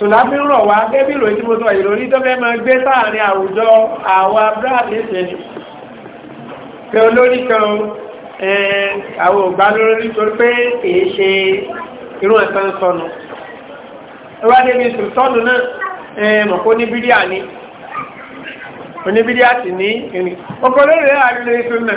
sùlámì rọ̀ wá gẹ́bí ìròyìn tí mo sọ ìròyìn tó fẹ́ máa gbé sáàrin àwùjọ àwọn abúlé ṣẹlẹ̀ pé olórí kan àwọn ògbà lórí torí pé kìí ṣe irú ẹ̀sán sọnù ìwádìí mi sùn sọnù náà mọ̀kó ní bídíà ní oníbídíà sì ní ìrìn ọkọ̀ lórí rẹ̀ àrílẹ̀ ìṣúná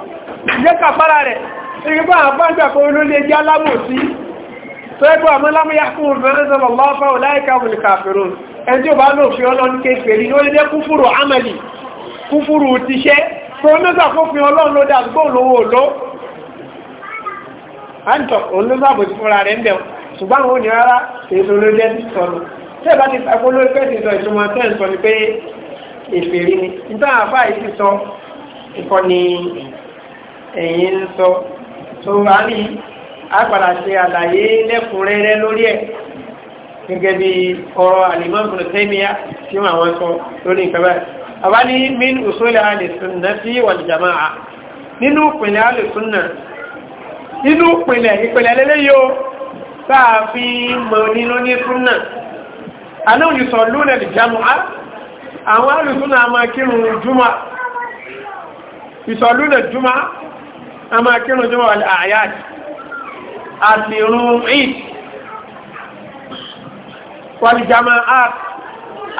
ìjẹ́ kàfàrà rẹ̀ ìgbà àbájá kó ló lè jẹ́ alámòsí tó ẹgbẹ́ àmọ́ lámúyá fún obìnrin sọ̀rọ̀ lọ́fà òláìka òní kàfẹ́rò ẹni tí ó bá lò fi ọlọ́ni kéfèrí ló lé kúfúrù amẹ́lì kúfúrù tiṣẹ́ tó mẹ́ta fófin ọlọ́run ló dàbí gbóhùn lówó ló àǹtọ̀ òun ló sàbòsí fúnra rẹ̀ ń bẹ̀ ṣùgbọ́n òun ní rárá èso ló jẹ́ sọ̀rọ̀ tẹ́ bá ti sàkó lórí pẹ́sì sọ ìtumọ̀ tẹ́ ń sọ ni pé èfèrí ni nítorí àfáà yìí ti sọ ìkọ́ni èyí ń sọ tó a ní àpàdà ṣe àlàyé lẹ́kùnrẹ́rẹ́ lórí ẹ̀ gẹ́gẹ́ bí ọ̀rọ̀ alimọ́bùnú àwọn sọ lórí min usuli al-sunnati wal jama'a nínú ìpìlẹ̀ al-sunna nínú ìpìlẹ̀ ìpìlẹ̀ lélẹ́yìí o sáàfi mọ̀ nínú ní súnà aláwòlùsọ̀ lónà ìjámọ́á àwọn alùsúnà a máa kírùn jùmọ́ ìsọ̀lúnà jùmọ́ a máa kírun jọmọ́ àyàt àti irun eid wàlìjàmá art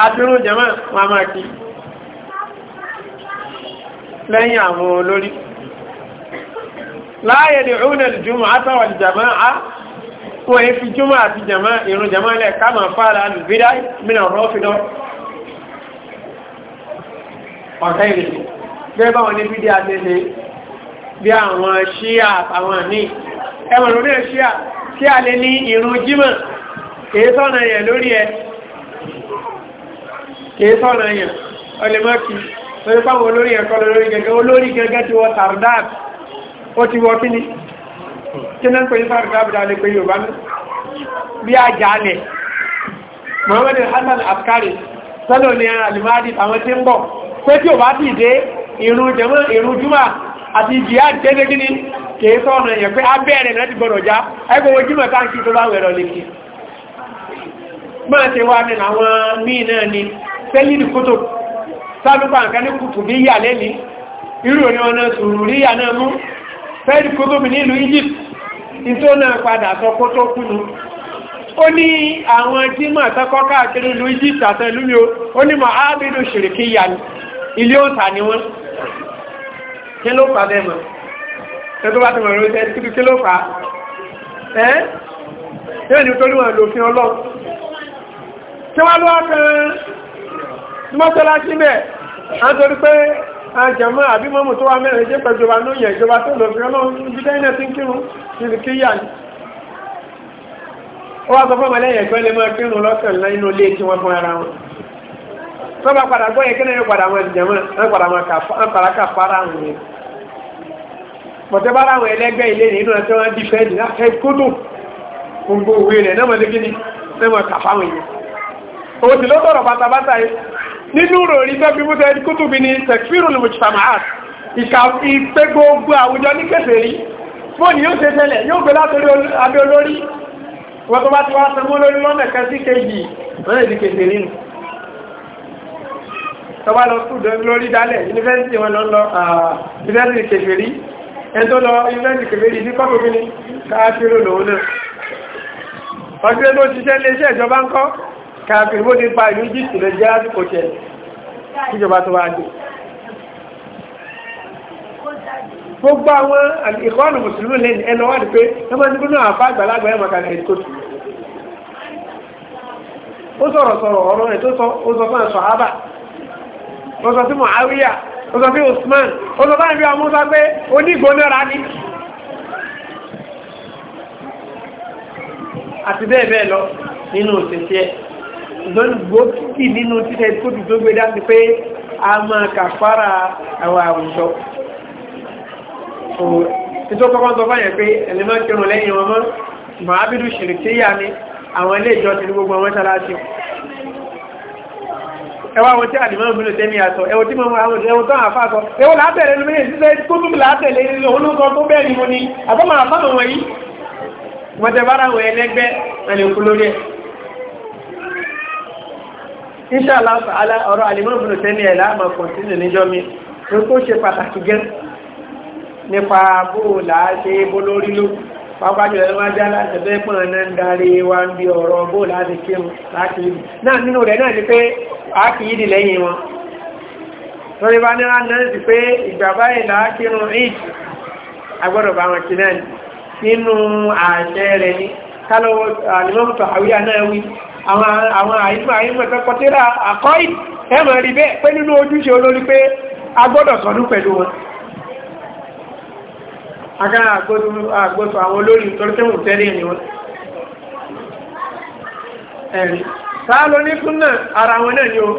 àti irun jàmá wọn a máa kí lẹ́yìn àwọn olórí láàyè ní òun àlùjùmọ̀ àtàwọn àlùjàmá á wọ́n yẹ fi jùmọ̀ àti jàmá irun jàmá lẹ̀ ká máa fara àlùbídá mìíràn rọ́fìdọ́ ọ̀kẹ́ ìrìn bí àwọn ṣíà àwọn ní ẹwọ̀n lórí ṣíà kí a lè ní ìrun jímọ̀ kìí sọ́nà yẹn lórí ẹ kìí sọ́nà yẹn ọlẹ́mọ́kì lórí pàwọn olórí ẹ̀kọ́ lórí gẹ́gẹ́ olórí gẹ́gẹ́ ti wọ tardab ó ti wọ kíni kí náà pẹ̀lú tardab dáadé pé yorùbá bí àjálẹ̀ Muhammad Hassan Askari sọ́nà ní alimadi àwọn tí ń bọ̀ pé tí ò bá ti dé ìrun jẹ́mọ́ ìrun júmọ̀ àti jihad tẹ́lẹ̀ gíní kìí sọ́ọ̀nà èèyàn pé abẹ́ẹ̀rẹ̀ láti gbọ́dọ̀ já ẹgbẹ̀wọ̀ jímọ̀ táǹkì tó bá wẹ̀rọ lè máa ṣe wá ní àwọn míì náà ni tẹ́lìdì kútò sáàdúgbà nǹkan ní kùtù bí yà lẹ́ni irú ní ọ̀nà sùúrù rí náà mú nílùú Egypt ní tó náà padà sọ kó kúnu ó ní àwọn jímọ̀ àtọ́kọ́ káàkiri ìlú Egypt àtẹ́lúmi ó ní mọ̀ ábìdó ṣìrìkì yà ilé òǹtà ni wọ́n kí ló fà bẹ́ẹ̀ mọ̀ ẹ tó bá ti mọ̀ lóṣẹ́ títí kí ló fà ẹ́ yóò ní torí wọn lòfin ọlọ́ tí wọ́n lọ́wọ́ kan mọ́sálásí bẹ́ẹ̀ a ń torí pé àjẹmọ́ àbí mọ́mù tó wà mẹ́rin jẹ́ pẹ̀jọba ló yẹ ìjọba tó lòfin ọlọ́run jídẹ́ iná tí ń kírun nínú kí yà ní ó wá sọ fún ọmọlẹ́yìn ẹ̀kọ́ lè máa kírun lọ́sẹ̀ nínú ilé tí wọ́n fún ara wọn sọ́ba padà gbọ́ yẹ kíni yóò padà wọn jẹ̀mọ́ ẹ̀ padà wọn kà fọ́ àǹfààrà kà fara àwọn yẹn. pọ̀tẹ́bára àwọn ẹlẹ́gbẹ́ ilé nínú ẹ̀tọ́ wọn di fẹ́ẹ̀dì láti kótó gbogbo òwe rẹ̀ náà mọ̀lẹ́ kíni náà mọ̀ kà fáwọn yẹn. òwò tí ló tọrọ bàtàbàtà yìí nínú ròrí tó fi mútẹ́ kótó bí ni tẹ̀kfírù lè mọ̀tì fàmáhàt ìkà ìpé gbogbo àwùjọ ní kẹsẹ̀ rí fóònù yóò ṣe tẹ́lẹ̀ yóò gbé látòrí abẹ́ olórí wọ́n tó bá ti wá sanwó lórí lọ́nà kan sí kejì lọ́nà ìdíkejì nínú tọ́ba lọ sùn lórí dálẹ̀ yunifásitì wọn lọ lọ yunifásitì kẹfẹ́rí ẹni tó lọ yunifásitì kẹfẹ́rí sí kọ́pù mi ni káàkiri lòun náà ọdún ló ṣiṣẹ́ iléeṣẹ́ ìjọba ń kọ́ káàkiri bó ti pa ìlú jíìtì lè jẹ́ àsìkò tẹ̀ kíjọba tó wá dé gbogbo àwọn ìkọ́nù mùsùlùmí lẹ́nu ẹnu wá ní pé ẹ máa ń gbóná àfa àgbàlagbà ẹ̀ màkà ẹ̀ kò tù ó sọ̀rọ̀ sọ̀rọ̀ ọ̀rọ̀ ẹ̀ tó sọ ó sọ fún ẹ̀ sọ̀ ó sọ sí Muawiya ó sọ sí Usman ó sọ báyìí bí ọmọ sọ pé onígbónára ni àti bẹ́ẹ̀ bẹ́ẹ̀ lọ nínú òṣìṣẹ́ gbòógì nínú títẹ́ tó ti tó gbé dáti pé a máa kàfàrà àwọn àwùjọ tó kọ́kọ́ tó fáyẹ̀ pé ẹlẹ́mọ́ kírùn lẹ́yìn wọn mọ́ màábìdù ṣìrìkíyà ni àwọn ilé ìjọ ti ní gbogbo wọn tàlá sí ẹwà wọn tí àdìmọ́ ìbílẹ̀ tẹ́mi àtọ̀ ẹwọ tí mọ́mọ́ àwọn ìṣẹ́wọ́n tán àfà sọ ẹwọ látẹ̀lẹ̀ ló méjì sísẹ́ tó tún látẹ̀lẹ̀ nínú olóòtọ́ tó bẹ́ẹ̀ ni mo ni àbọ́mọ̀ àfáàmù wọn yìí wọ́n tẹ bára wọn ẹlẹ́gbẹ́ ẹni kú lórí ẹ̀ inṣàlá ọ̀rọ̀ àdìmọ́ ìbílẹ̀ tẹ́mi ẹ̀ láàmà kọ̀tínù níjọ́ mi tó ṣe pàtàkì gẹ́ nípa bóòlà ṣe bólórí lókù pápájọ́ ẹ máa já láti ẹgbẹ́ pọ̀ náà ń darí wa ń bí ọ̀rọ̀ bó láti kírun láti ìlú náà nínú rẹ̀ náà ni pé a kì í dì lẹ́yìn wọn torí bá ní wọn náà sì pé ìgbà báyìí là á kírun eid agbọ́dọ̀ bá wọn kí náà nínú àṣẹ rẹ̀ ni kálọ́wọ́ àlùmọ́tò àwíyá náà wí àwọn àyíkọ̀ àyíkọ̀ tó kọtíra àkọ́ ẹ̀ mọ̀ rí bẹ́ẹ̀ pé nínú ojúṣe olórí pé agbọ́dọ̀ agára àgbọ́tọ̀ àwọn olórí nítorí tẹ́wọ̀n tẹ́lẹ̀ ni wọ́n ẹ̀rí sáà ló ní súnà ara wọn náà ni ó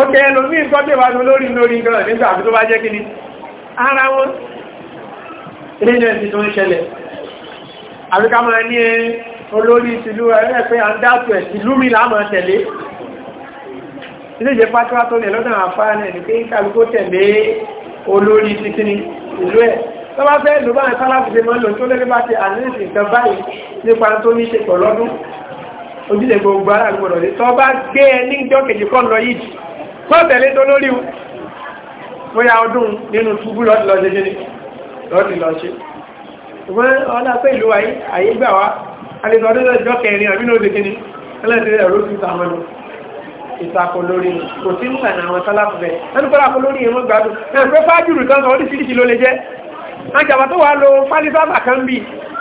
ó kẹ́ ẹlòmí nǹkan bí wà lórí lórí gan nígbà tó bá jẹ́ kíní ara wọn ilé ẹ̀sìn tó ń ṣẹlẹ̀ àríká máa a ń dáàtò ẹ̀ ìlú mi láàmà tẹ̀lé ilé ìjẹ́ pátá tó lẹ̀ lọ́dọ̀ àfáà náà ní pé kálukó tẹ̀lé olórí títí tọ́ba fẹ́ ló bá ń sálábù ṣe máa ń lò tó lẹ́gbẹ́ bá ṣe àníṣe nǹkan báyìí nípa tó ní ṣe pọ̀ lọ́dún ojúlẹ̀ gbogbo ara gbọ́dọ̀ lé tọ́ba gbé ẹ ní ìjọ kejì kọ́ lọ yìí kọ́ tẹ̀lé tó lórí o bóyá ọdún nínú túbú lọ́dún lọ́ọ́ ṣe ṣe ni lọ́dún lọ́ọ́ ṣe ṣùgbọ́n ọ̀nà pé ìlú wa àyè gbà wá alẹ́sọ̀ ọdún lọ́jọ́ kẹrin àbí lóde kìíní ẹlẹ́sìn ẹ̀rọ ti ta wọn lọ ìtakò lórí kò sí ń tàn àwọn sálápù bẹ́ẹ̀ ẹnu kọ́lá kó lórí ìwọ̀n gbádùn ẹ̀ pé fájúrù kan sọ oríṣiríṣi ló lè jẹ́ àjàbà tó wà lo fálífàbà kan bí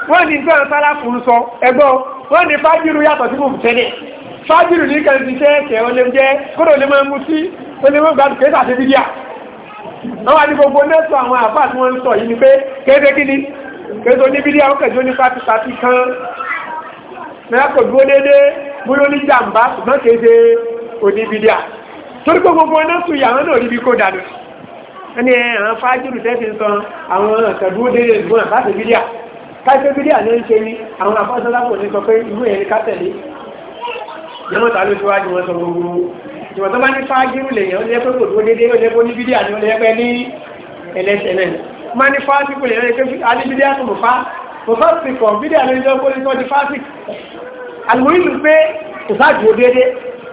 wọ́n ní gbọ́n sára fún sọ ẹgbọ́ wọ́n ní fájìrù yàtọ̀ sí fún tẹ́lẹ̀ fájìrù ní kan ti ṣẹ́ẹ̀ṣẹ̀ ọlẹ́ jẹ́ kódò lè máa mú sí olè mọ́ gbàdù kéta àti bídíà wọ́n wá ní gbogbo nẹ́sọ̀ àwọn àbá tí wọ́n ń sọ yìí ni pé kéde kí ni kéde oníbídíà ó kẹjọ ní pátípátí kan mẹ́ra kò dúró dédé múlò ní jàǹbá ṣùgbọ́n kéde oníbídíà torí gbogbo nẹ́sọ̀ yàrá náà ríbi kó dànù ẹni àwọn fájúrù tẹ́sí sọ àwọn ọ̀kẹ̀dúró déédéé ìgbọ́n àbáṣe bídíà káṣe bídíà ní ṣe ní àwọn afọ́sọ́lápò ní sọ pé ìlú ẹ̀rí kátẹ̀lé yẹmọ́ta ló síwájú wọn sọ gbogbo ìwọ̀n tó bá ní fájúrù lèyàn ó lé pé kò dúró déédéé ó lé pé ní bídíà ní ó lé pé ní ẹlẹ́sẹ̀ náà má ní fájúrù lèyàn lè pé alíbídíà tó mọ̀ fá mọ̀ fá sì kọ̀ bídíà lórí ọkọ̀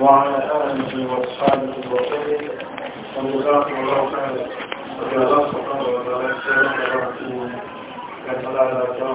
وعلى آله وأصحابه وسلم وجزاكم الله خيرا وجزاكم الله خيرا